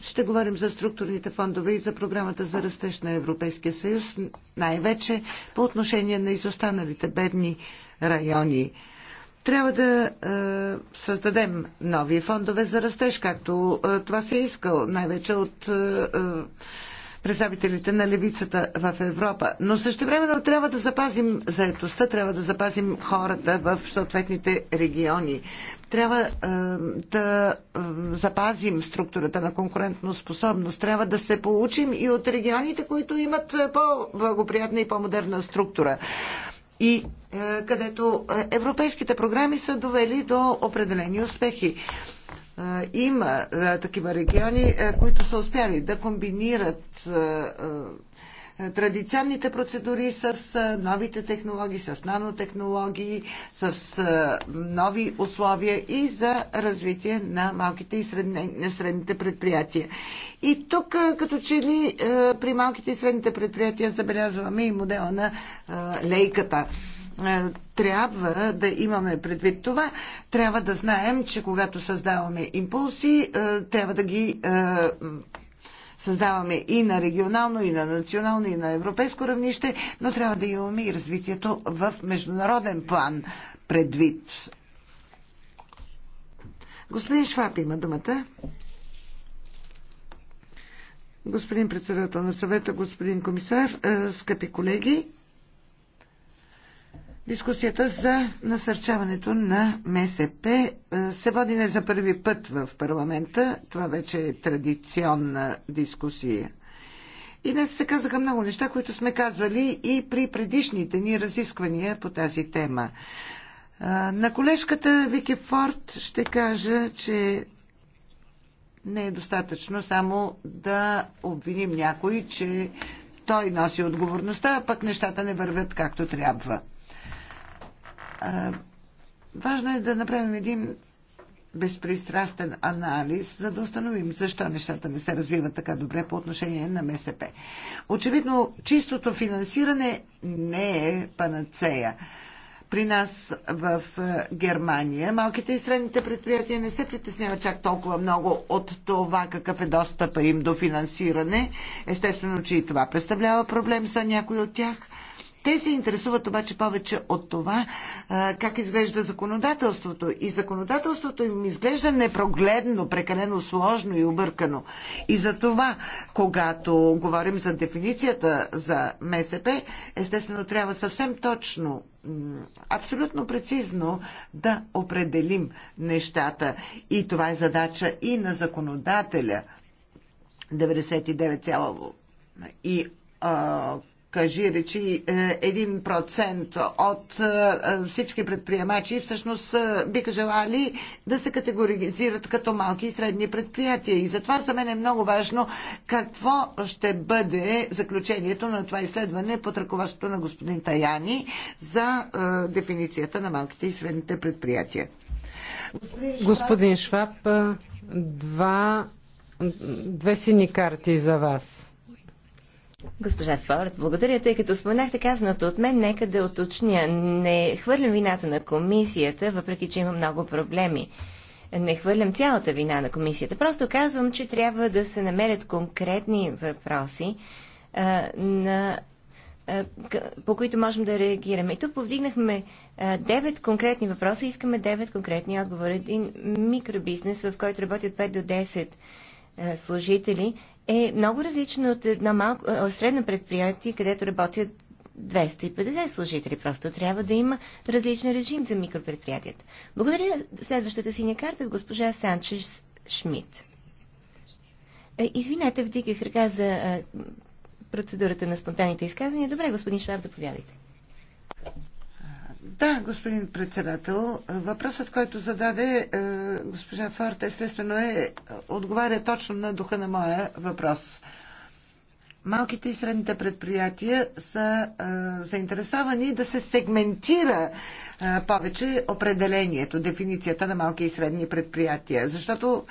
S3: ще говорим за структурните фондове и за програмата за растеж на Европейския съюз, най-вече по отношение на изостаналите бедни райони. Трябва да е, създадем нови фондове за растеж, както е, това се е искал най-вече от е, е представителите на левицата в Европа. Но времено трябва да запазим заетостта, трябва да запазим хората в съответните региони. Трябва е, да е, запазим структурата на конкурентно способност. Трябва да се получим и от регионите, които имат е, по-благоприятна и по-модерна структура и е, където е, европейските програми са довели до определени успехи има такива региони, които са успяли да комбинират традиционните процедури с новите технологии, с нанотехнологии, с нови условия и за развитие на малките и средните предприятия. И тук, като че ли при малките и средните предприятия забелязваме и модела на лейката – е, трябва да имаме предвид това. Трябва да знаем, че когато създаваме импулси, е, трябва да ги е, създаваме и на регионално, и на национално, и на европейско равнище, но трябва да имаме и развитието в международен план предвид. Господин Шваб има думата. Господин председател на съвета, господин комисар, скъпи колеги, Дискусията за насърчаването на МСП е, се води не за първи път в парламента. Това вече е традиционна дискусия. И днес се казаха много неща, които сме казвали и при предишните ни разисквания по тази тема. Е, на колежката Вики Форд ще кажа, че не е достатъчно само да обвиним някой, че той носи отговорността, а пък нещата не вървят както трябва. Важно е да направим един безпристрастен анализ, за да установим защо нещата не се развиват така добре по отношение на МСП. Очевидно, чистото финансиране не е панацея. При нас в Германия малките и средните предприятия не се притесняват чак толкова много от това какъв е достъпа им до финансиране. Естествено, че и това представлява проблем за някои от тях – те се интересуват обаче повече от това как изглежда законодателството. И законодателството им изглежда непрогледно, прекалено сложно и объркано. И за това, когато говорим за дефиницията за МСП, естествено трябва съвсем точно абсолютно прецизно да определим нещата. И това е задача и на законодателя. 99, и а, кажи речи 1% е, от е, е, всички предприемачи всъщност биха желали да се категоризират като малки и средни предприятия. И затова за мен е много важно какво ще бъде заключението на това изследване под ръководството на господин Таяни за дефиницията на малките и средните предприятия. Господин
S4: Шваб, два, две сини карти
S2: за вас. Госпожа Форд, благодаря, тъй като споменахте казаното от мен, нека да уточня. Не хвърлям вината на комисията, въпреки че има много проблеми. Не хвърлям цялата вина на комисията. Просто казвам, че трябва да се намерят конкретни въпроси, а, на, а, по които можем да реагираме. И тук повдигнахме а, 9 конкретни въпроса и искаме 9 конкретни отговори. Един микробизнес, в който работят 5 до 10 служители, е много различно от едно малко, средно предприятие, където работят 250 служители. Просто трябва да има различен режим за микропредприятията. Благодаря следващата синя карта госпожа Санчес Шмидт. Е, извинете, вдигах ръка за процедурата на спонтанните изказвания. Добре, господин Шваб, заповядайте.
S3: Да, господин председател, въпросът, който зададе е, госпожа Форт, естествено е, отговаря точно на духа на моя въпрос. Малките и средните предприятия са е, заинтересовани да се сегментира е, повече определението, дефиницията на малки и средни предприятия, защото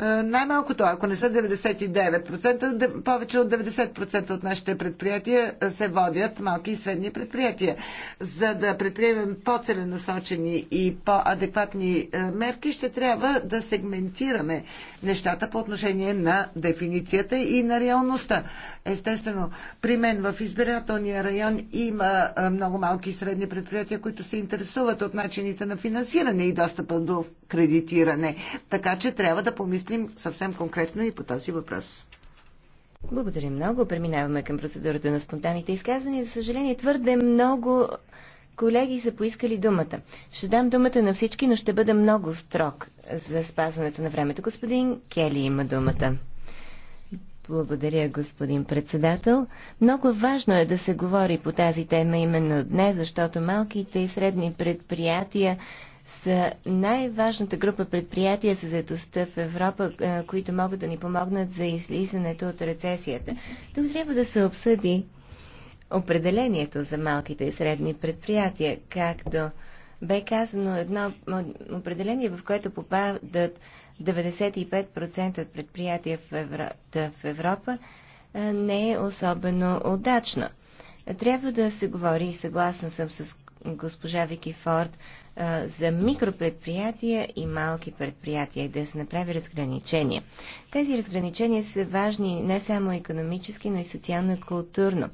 S3: е, най-малкото, ако не са 99%, повече от 90% от нашите предприятия се водят малки и средни предприятия. За да предприемем по-целенасочени и по-адекватни е, мерки, ще трябва да сегментираме нещата по отношение на дефиницията и на реалността. Естествено, при мен в избирателния район има е, много малки и средни предприятия, които се интересуват от начините на финансиране и достъпа до
S2: кредитиране. Така че трябва да помислим съвсем конкретно и по този въпрос. Благодаря много. Преминаваме към процедурата на спонтанните изказвания. За съжаление, твърде много колеги са поискали думата. Ще дам думата на всички, но ще бъда много строг за спазването на времето. Господин Кели има думата. Благодаря, господин председател. Много важно е да се говори по тази тема именно днес, защото малките и средни предприятия са най-важната група предприятия за заедостта в Европа, които могат да ни помогнат за излизането от рецесията. Тук трябва да се обсъди определението за малките и средни предприятия, както бе казано едно определение, в което попадат 95% от предприятия в Европа, в Европа не е особено удачно. Трябва да се говори, съгласна съм с госпожа Вики Форд, за микропредприятия и малки предприятия и да се направи разграничение. Тези разграничения са важни не само економически, но и социално и културно.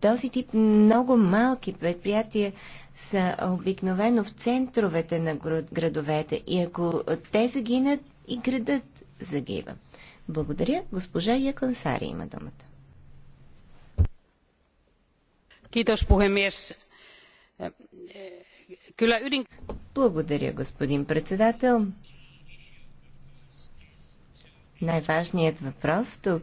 S2: Този тип много малки предприятия са обикновено в центровете на градовете и ако те загинат, и градът загива. Благодаря. Госпожа Яконсари има думата. Kiitos
S4: puhemies.
S2: Благодаря, господин председател. Най-важният въпрос тук,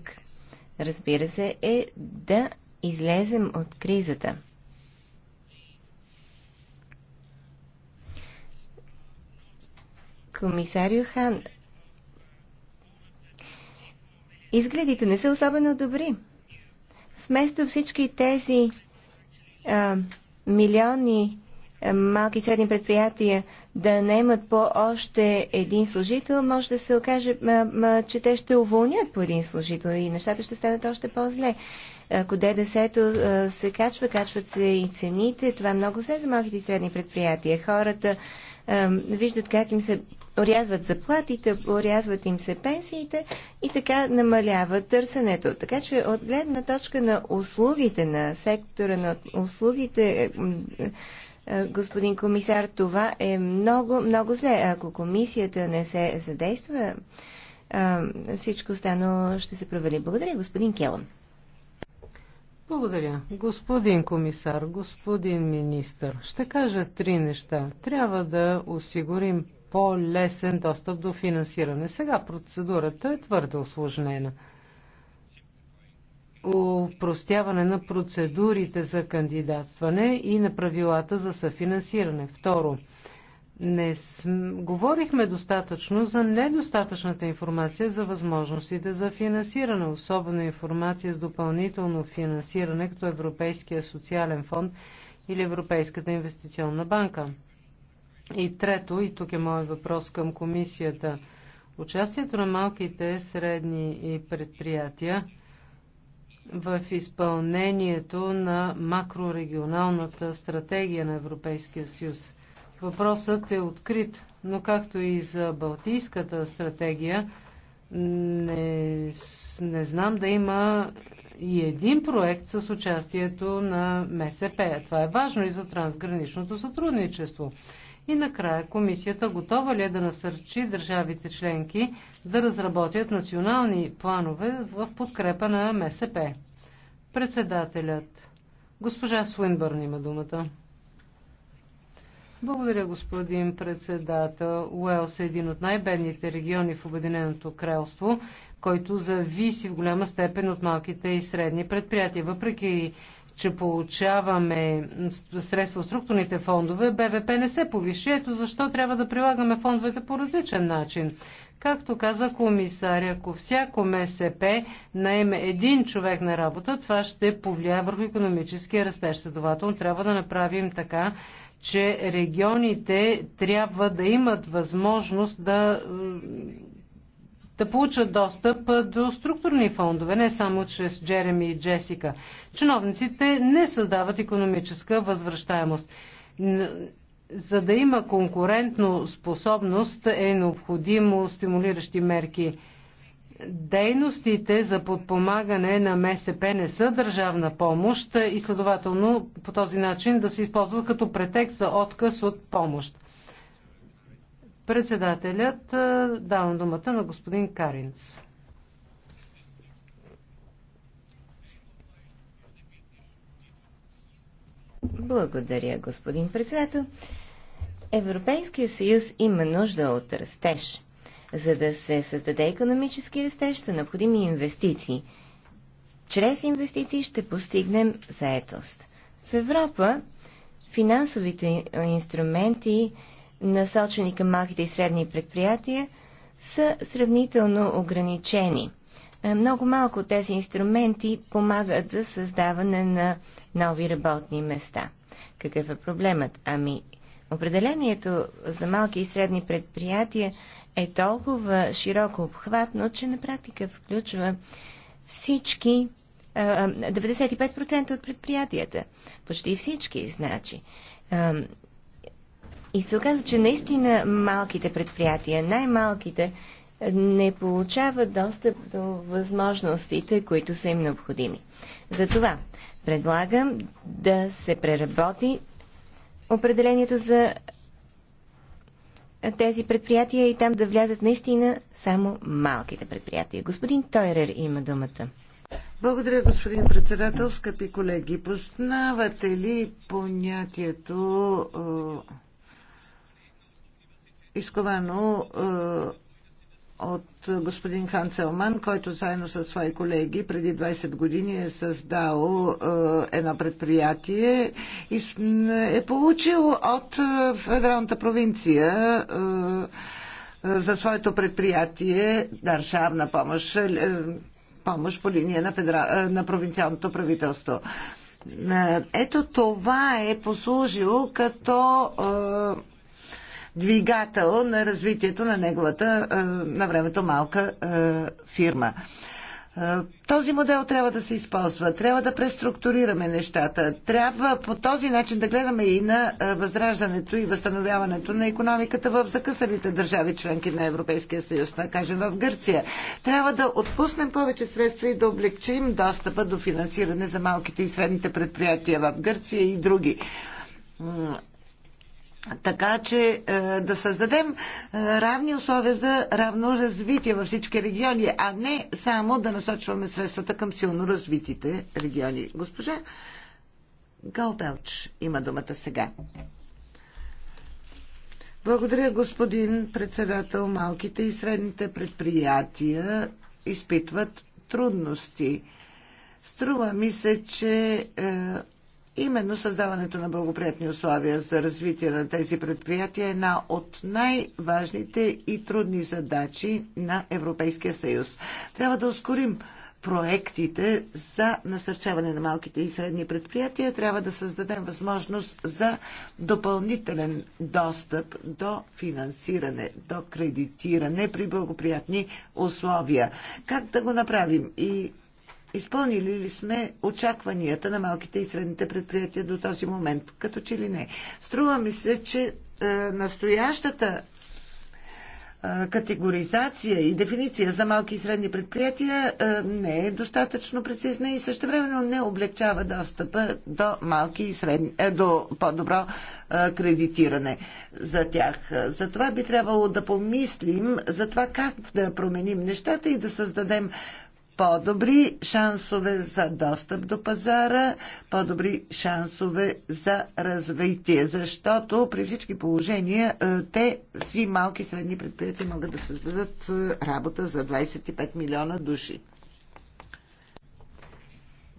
S2: разбира се, е да излезем от кризата. Комисар Йохан, изгледите не са особено добри. Вместо всички тези а, милиони е, малки и средни предприятия да не имат по още един служител, може да се окаже, че те ще уволнят по един служител и нещата ще станат още по-зле. Ако ДДС-то е, се качва, качват се и цените. Това е много зле за малките и средни предприятия. Хората е, виждат как им се орязват заплатите, орязват им се пенсиите и така намаляват търсенето. Така че от гледна точка на услугите, на сектора на услугите, е, господин комисар, това е много, много зле. Ако комисията не се задейства, е, всичко останало ще се провали. Благодаря, господин Келън. Благодаря. Господин комисар,
S4: господин министър, ще кажа три неща. Трябва да осигурим по-лесен достъп до финансиране. Сега процедурата е твърде осложнена упростяване на процедурите за кандидатстване и на правилата за съфинансиране. Второ, не см... говорихме достатъчно за недостатъчната информация за възможностите за финансиране, особено информация с допълнително финансиране като Европейския социален фонд или Европейската инвестиционна банка. И трето, и тук е моят въпрос към комисията, участието на малките, средни и предприятия в изпълнението на макрорегионалната стратегия на Европейския съюз. Въпросът е открит, но както и за Балтийската стратегия, не, не знам да има и един проект с участието на МСП. Това е важно и за трансграничното сътрудничество. И накрая, комисията готова ли е да насърчи държавите членки да разработят национални планове в подкрепа на МСП? Председателят. Госпожа Суинбърн има думата. Благодаря, господин председател. Уелс е един от най-бедните региони в Обединеното кралство, който зависи в голяма степен от малките и средни предприятия. Въпреки че получаваме средства от структурните фондове, БВП не се повиши. Ето защо трябва да прилагаме фондовете по различен начин. Както каза комисаря, ако всяко МСП наеме един човек на работа, това ще повлияе върху економическия растеж. Следователно трябва да направим така, че регионите трябва да имат възможност да да получат достъп до структурни фондове, не само чрез Джереми и Джесика. Чиновниците не създават економическа възвръщаемост. За да има конкурентно способност е необходимо стимулиращи мерки. Дейностите за подпомагане на МСП не са държавна помощ и следователно по този начин да се използват като претекст за отказ от помощ. Председателят давам думата на господин Каринц.
S2: Благодаря, господин председател. Европейския съюз има нужда от растеж. За да се създаде економически растеж, са необходими инвестиции. Чрез инвестиции ще постигнем заетост. В Европа финансовите инструменти насочени към малките и средни предприятия, са сравнително ограничени. Е, много малко тези инструменти помагат за създаване на нови работни места. Какъв е проблемът? Ами, определението за малки и средни предприятия е толкова широко обхватно, че на практика включва всички 95% от предприятията. Почти всички, значи. И се оказва, че наистина малките предприятия, най-малките, не получават достъп до възможностите, които са им необходими. Затова предлагам да се преработи определението за тези предприятия и там да влязат наистина само малките предприятия. Господин Тойрер има думата.
S3: Благодаря, господин председател, скъпи колеги. Познавате ли понятието изковано е, от господин Хан Целман, който заедно с свои колеги преди 20 години е създал е, едно предприятие и е получил от е, федералната провинция за своето предприятие държавна помощ, помощ по линия на, федера... на провинциалното правителство. Ето това е послужило като двигател на развитието на неговата е, на времето малка е, фирма. Е, този модел трябва да се използва, трябва да преструктурираме нещата, трябва по този начин да гледаме и на възраждането и възстановяването на економиката в закъсаните държави, членки на Европейския съюз, да кажем в Гърция. Трябва да отпуснем повече средства и да облегчим достъпа до финансиране за малките и средните предприятия в Гърция и други така че е, да създадем е, равни условия за равно развитие във всички региони, а не само да насочваме средствата към силно развитите региони. Госпожа Галбелч има думата сега. Благодаря, господин председател. Малките и средните предприятия изпитват трудности. Струва ми се, че е, именно създаването на благоприятни условия за развитие на тези предприятия е една от най-важните и трудни задачи на Европейския съюз. Трябва да ускорим проектите за насърчаване на малките и средни предприятия. Трябва да създадем възможност за допълнителен достъп до финансиране, до кредитиране при благоприятни условия. Как да го направим и Изпълнили ли сме очакванията на малките и средните предприятия до този момент? Като че ли не? Струва ми се, че е, настоящата е, категоризация и дефиниция за малки и средни предприятия е, не е достатъчно прецизна и същевременно не облегчава достъпа до малки и средни, е, до по-добро е, кредитиране за тях. Затова би трябвало да помислим за това как да променим нещата и да създадем по-добри шансове за достъп до пазара, по-добри шансове за развитие, защото при всички положения е, те си малки и средни предприятия могат да създадат е, работа за 25 милиона души.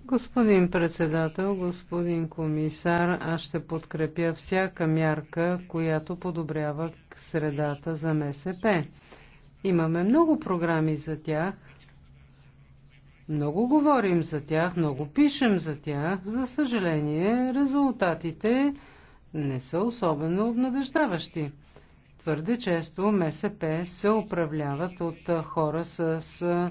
S4: Господин председател, господин комисар, аз ще подкрепя всяка мярка, която подобрява средата за МСП. Имаме много програми за тях много говорим за тях, много пишем за тях. За съжаление, резултатите не са особено обнадеждаващи. Твърде често МСП се управляват от хора с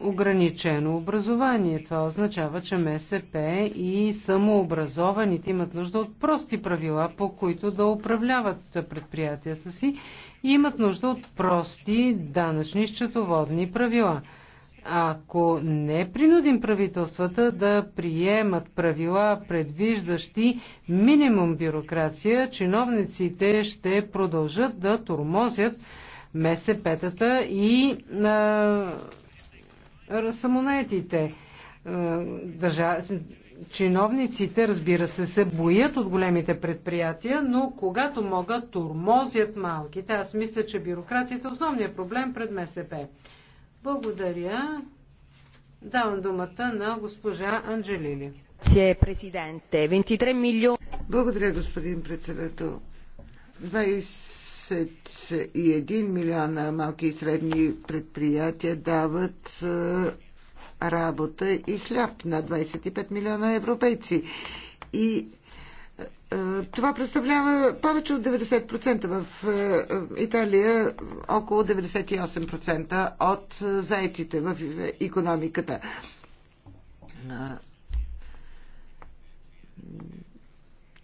S4: ограничено образование. Това означава, че МСП и самообразованите имат нужда от прости правила, по които да управляват предприятията си и имат нужда от прости данъчни счетоводни правила – ако не принудим правителствата да приемат правила, предвиждащи минимум бюрокрация, чиновниците ще продължат да турмозят МСП-тата и а, самонетите. А, държа... Чиновниците, разбира се, се боят от големите предприятия, но когато могат, турмозят малките. Аз мисля, че бюрокрацията е основният проблем пред МСП. Благодаря. Давам думата на госпожа Анджелили.
S3: Благодаря, господин председател. 21 милиона малки и средни предприятия дават работа и хляб на 25 милиона европейци. И е, това представлява повече от 90% в е, е, Италия, около 98% от заетите в економиката.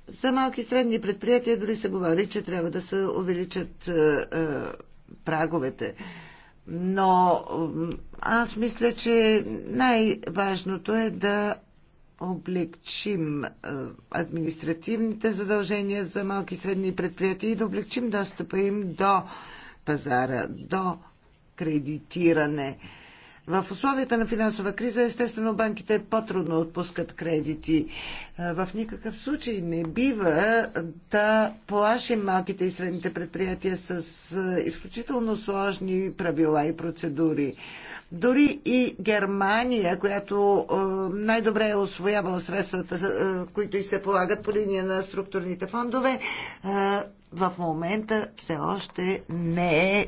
S3: За малки и средни предприятия дори се говори, че трябва да се увеличат праговете. Но аз мисля, че най-важното е да облегчим е, административните задължения за малки и средни предприятия и да облегчим достъпа им до пазара, до кредитиране. В условията на финансова криза, естествено, банките по-трудно отпускат кредити. В никакъв случай не бива да плашим малките и средните предприятия с изключително сложни правила и процедури. Дори и Германия, която най-добре е освоявала средствата, които и се полагат по линия на структурните фондове, в момента все още не е, е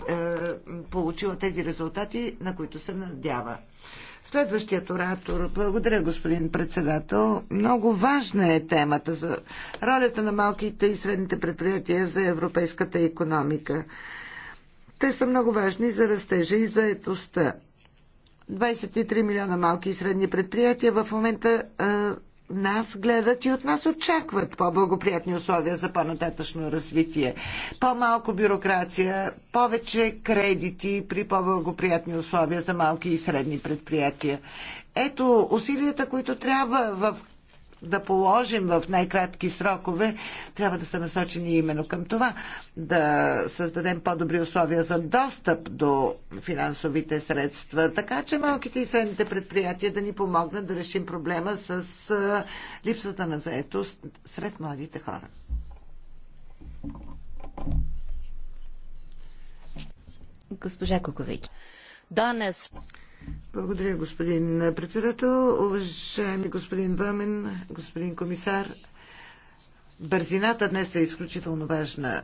S3: получила тези резултати, на които се надява. Следващият оратор. Благодаря, господин председател. Много важна е темата за ролята на малките и средните предприятия за европейската економика. Те са много важни за растежа и за етостта. 23 милиона малки и средни предприятия в момента е, нас гледат и от нас очакват по-благоприятни условия за по-нататъчно развитие. По-малко бюрокрация, повече кредити при по-благоприятни условия за малки и средни предприятия. Ето усилията, които трябва в да положим в най-кратки срокове, трябва да са насочени именно към това. Да създадем по-добри условия за достъп до финансовите средства, така че малките и средните предприятия да ни помогнат да решим проблема с липсата на заетост сред младите хора. Госпожа Кукович. Данес. Благодаря, господин председател. Уважаеми господин Вамен, господин комисар, бързината днес е изключително важна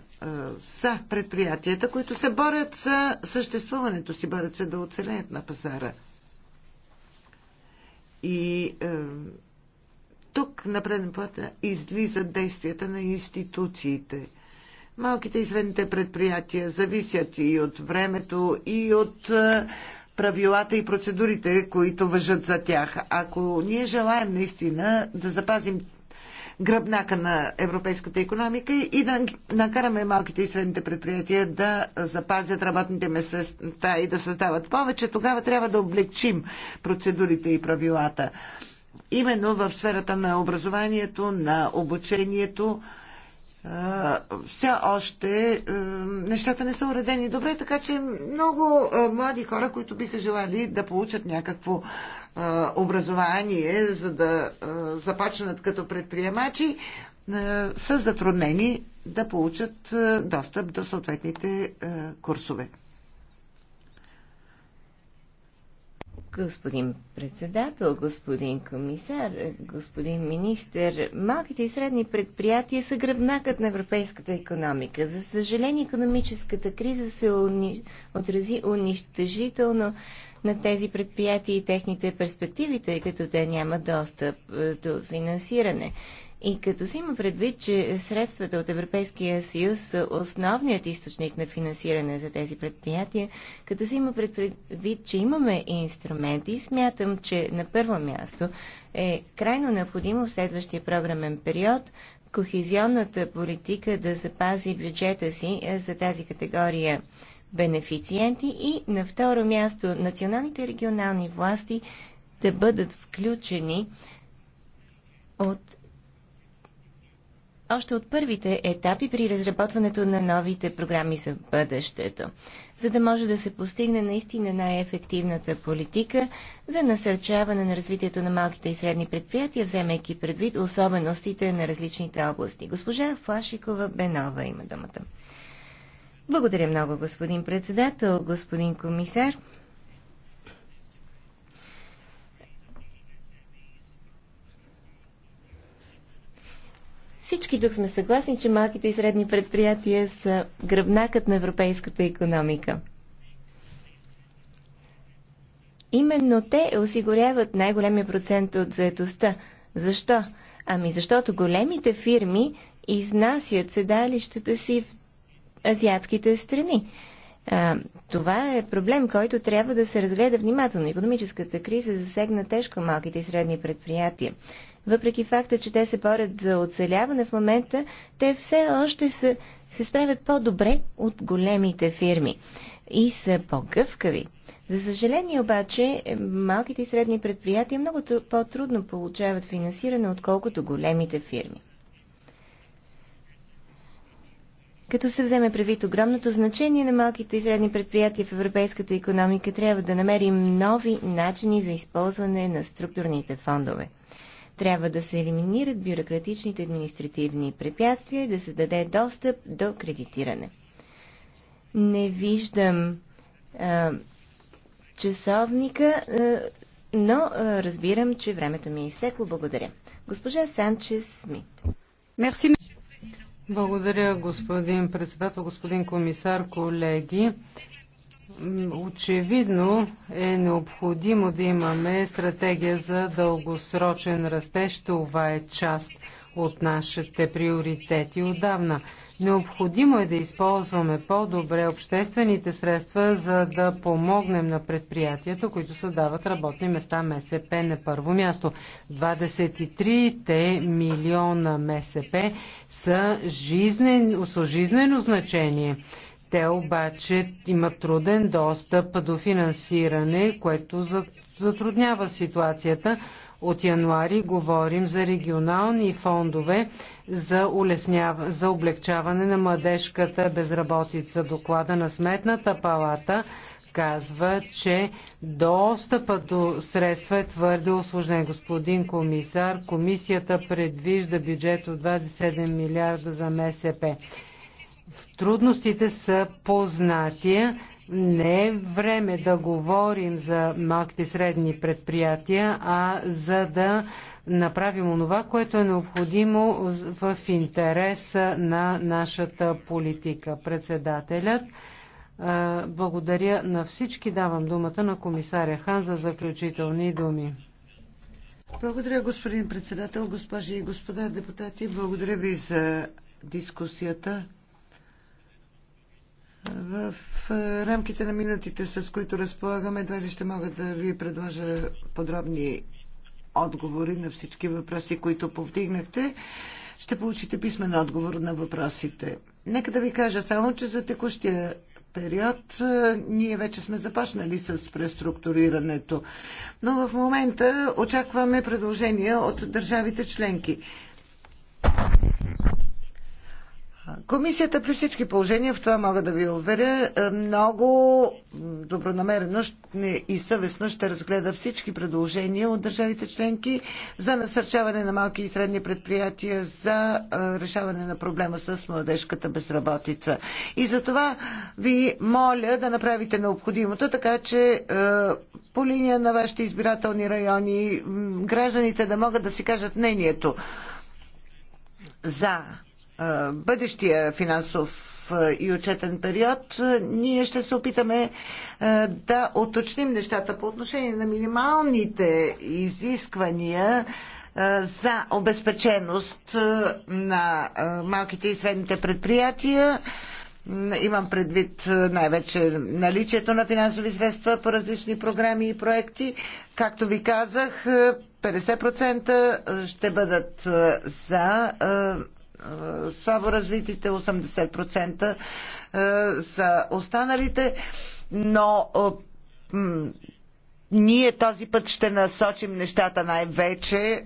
S3: за е, предприятията, които се борят за съществуването си, борят се да оцелеят на пазара. И е, тук на преден път излизат действията на институциите. Малките и средните предприятия зависят и от времето, и от е, правилата и процедурите, които въжат за тях. Ако ние желаем наистина да запазим гръбнака на европейската економика и да накараме малките и средните предприятия да запазят работните места и да създават повече, тогава трябва да облегчим процедурите и правилата. Именно в сферата на образованието, на обучението, все още е, нещата не са уредени добре, така че много е, млади хора, които биха желали да получат някакво е, образование, за да започнат като предприемачи, са затруднени да получат достъп до съответните курсове.
S2: Господин председател, господин комисар, господин министр, малките и средни предприятия са гръбнакът на европейската економика. За съжаление, економическата криза се уни... отрази унищожително на тези предприятия и техните перспективи, тъй като те нямат достъп е, до финансиране. И като се има предвид, че средствата от Европейския съюз са основният източник на финансиране за тези предприятия, като се има предвид, че имаме инструменти, смятам, че на първо място е крайно необходимо в следващия програмен период кохезионната политика да запази бюджета си е, за тази категория бенефициенти и на второ място националните и регионални власти да бъдат включени от още от първите етапи при разработването на новите програми за бъдещето, за да може да се постигне наистина най-ефективната политика за насърчаване на развитието на малките и средни предприятия, вземайки предвид особеностите на различните области. Госпожа Флашикова Бенова има думата. Благодаря много, господин председател, господин комисар. Всички тук сме съгласни, че малките и средни предприятия са гръбнакът на европейската економика. Именно те осигуряват най-големия процент от заетостта. Защо? Ами защото големите фирми изнасят седалищата си в азиатските страни. А, това е проблем, който трябва да се разгледа внимателно. Економическата криза засегна тежко малките и средни предприятия. Въпреки факта, че те се борят за оцеляване в момента, те все още са, се справят по-добре от големите фирми и са по-гъвкави. За съжаление обаче, е, малките и средни предприятия много по-трудно получават финансиране, отколкото големите фирми. Като се вземе правит огромното значение на малките и средни предприятия в европейската економика, трябва да намерим нови начини за използване на структурните фондове. Трябва да се елиминират бюрократичните административни препятствия и да се даде достъп до кредитиране. Не виждам а, часовника, а, но а, разбирам, че времето ми е изтекло. Благодаря. Госпожа Санчес Смит. Мерси.
S4: Благодаря, господин председател, господин комисар, колеги. Очевидно е необходимо да имаме стратегия за дългосрочен растеж. Това е част от нашите приоритети отдавна. Необходимо е да използваме по-добре обществените средства, за да помогнем на предприятията, които създават работни места МСП е на първо място. 23-те милиона МСП са, жизнен, са жизнено значение. Те обаче имат труден достъп до финансиране, което затруднява ситуацията от януари говорим за регионални фондове за, улеснява, за облегчаване на младежката безработица. Доклада на Сметната палата казва, че достъпа до средства е твърде осложнен. Господин комисар, комисията предвижда бюджет от 27 милиарда за МСП. Трудностите са познати. Не е време да говорим за малките и средни предприятия, а за да направим онова, което е необходимо в интерес на нашата политика. Председателят, благодаря на всички. Давам думата на комисаря Хан за заключителни думи.
S3: Благодаря, господин председател, госпожи и господа депутати. Благодаря ви за дискусията. В е, рамките на минутите, с които разполагаме, едва ли ще мога да ви предложа подробни отговори на всички въпроси, които повдигнахте. Ще получите писмен отговор на въпросите. Нека да ви кажа само, че за текущия период е, ние вече сме започнали с преструктурирането. Но в момента очакваме предложения от държавите членки. Комисията при всички положения, в това мога да ви уверя, е, много добронамерено и съвестно ще разгледа всички предложения от държавите членки за насърчаване на малки и средни предприятия, за е, решаване на проблема с младежката безработица. И за това ви моля да направите необходимото, така че е, по линия на вашите избирателни райони гражданите да могат да си кажат мнението за бъдещия финансов и отчетен период, ние ще се опитаме да оточним нещата по отношение на минималните изисквания за обезпеченост на малките и средните предприятия. Имам предвид най-вече наличието на финансови средства по различни програми и проекти. Както ви казах, 50% ще бъдат за слабо развитите, 80% са останалите, но ние този път ще насочим нещата най-вече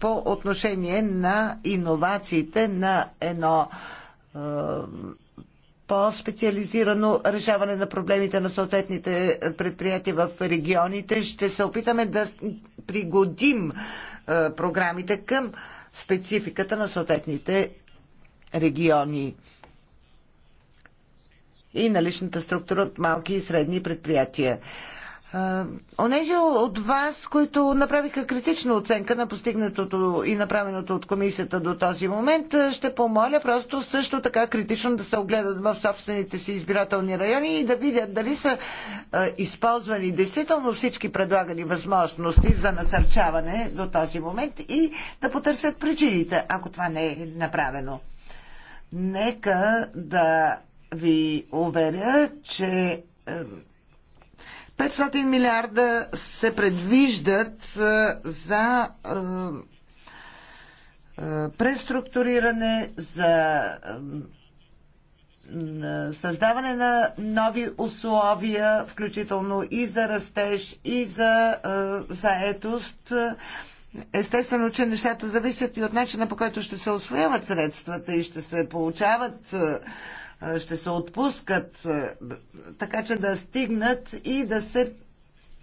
S3: по отношение на иновациите на едно по-специализирано решаване на проблемите на съответните предприятия в регионите. Ще се опитаме да пригодим програмите към спецификата на съответните региони и наличната структура от малки и средни предприятия. Онези от вас, които направиха критична оценка на постигнатото и направеното от комисията до този момент, ще помоля просто също така критично да се огледат в собствените си избирателни райони и да видят дали са използвани действително всички предлагани възможности за насърчаване до този момент и да потърсят причините, ако това не е направено. Нека да ви уверя, че 500 милиарда се предвиждат е, за е, е, преструктуриране, за създаване на нови условия, включително и за растеж, и за заетост. Естествено, че нещата зависят и от начина по който ще се освояват средствата и ще се получават ще се отпускат, така че да стигнат и да се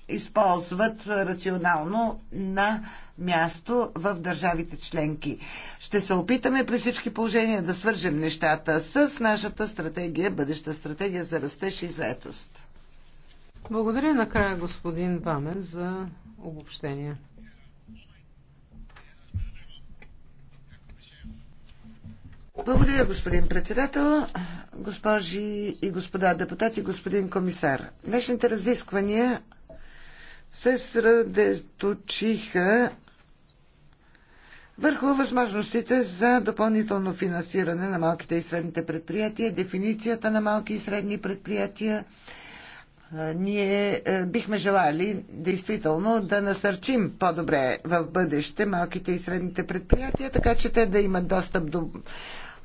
S3: използват рационално на място в държавите членки. Ще се опитаме при всички положения да свържем нещата с нашата стратегия, бъдеща стратегия за растеж и заетост.
S4: Благодаря накрая господин Вамен за обобщение.
S3: Благодаря, господин председател, госпожи и господа депутати, господин комисар. Днешните разисквания се средоточиха върху възможностите за допълнително финансиране на малките и средните предприятия, дефиницията на малки и средни предприятия. Ние бихме желали действително да насърчим по-добре в бъдеще малките и средните предприятия, така че те да имат достъп до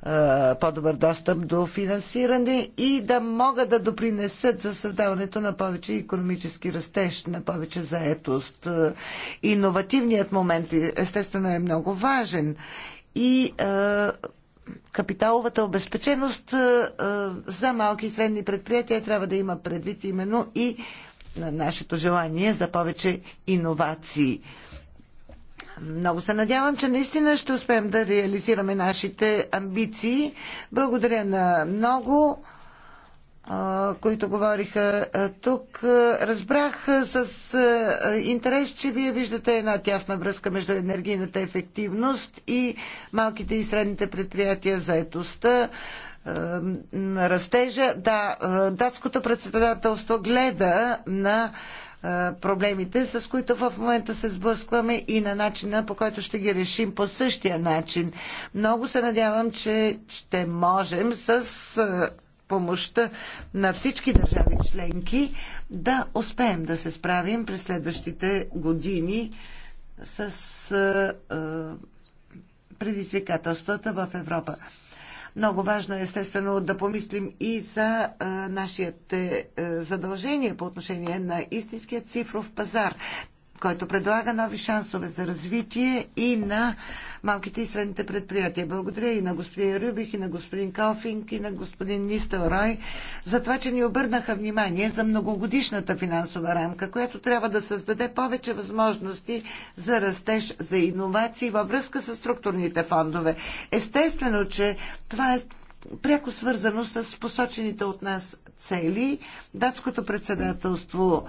S3: е, по-добър достъп до финансиране и да могат да допринесат за създаването на повече економически растеж, на повече заетост. Е, иновативният момент естествено е много важен и е, капиталовата обезпеченост за малки и средни предприятия трябва да има предвид именно и на нашето желание за повече иновации. Много се надявам, че наистина ще успеем да реализираме нашите амбиции. Благодаря на много, които говориха тук. Разбрах с интерес, че вие виждате една тясна връзка между енергийната ефективност и малките и средните предприятия, заетостта растежа. Да, датското председателство гледа на проблемите, с които в момента се сблъскваме и на начина по който ще ги решим по същия начин. Много се надявам, че ще можем с помощта на всички държави членки да успеем да се справим през следващите години с предизвикателствата в Европа. Много важно е естествено да помислим и за нашите задължения по отношение на истинския цифров пазар който предлага нови шансове за развитие и на малките и средните предприятия. Благодаря и на господин Рюбих, и на господин Калфинг, и на господин Нистел Рой за това, че ни обърнаха внимание за многогодишната финансова рамка, която трябва да създаде повече възможности за растеж, за иновации във връзка с структурните фондове. Естествено, че това е пряко свързано с посочените от нас цели. Датското председателство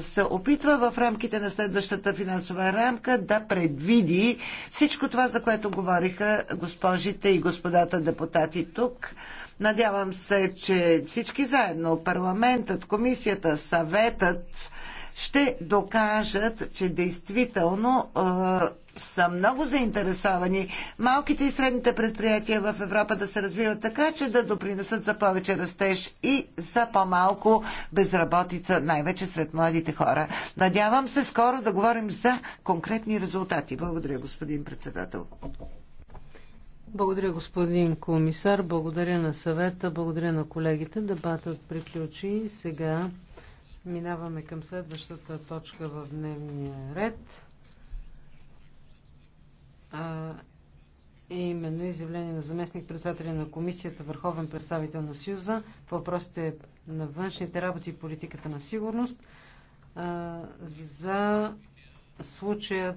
S3: се опитва в рамките на следващата финансова рамка да предвиди всичко това, за което говориха госпожите и господата депутати тук. Надявам се, че всички заедно, парламентът, комисията, съветът, ще докажат, че действително са много заинтересовани малките и средните предприятия в Европа да се развиват така, че да допринесат за повече растеж и за по-малко безработица, най-вече сред младите хора. Надявам се скоро да говорим за конкретни резултати. Благодаря, господин председател.
S4: Благодаря, господин комисар. Благодаря на съвета. Благодаря на колегите. Дебатът приключи. Сега минаваме към следващата точка в дневния ред а, е именно изявление на заместник председателя на комисията, върховен представител на Съюза, въпросите на външните работи и политиката на сигурност а, за случая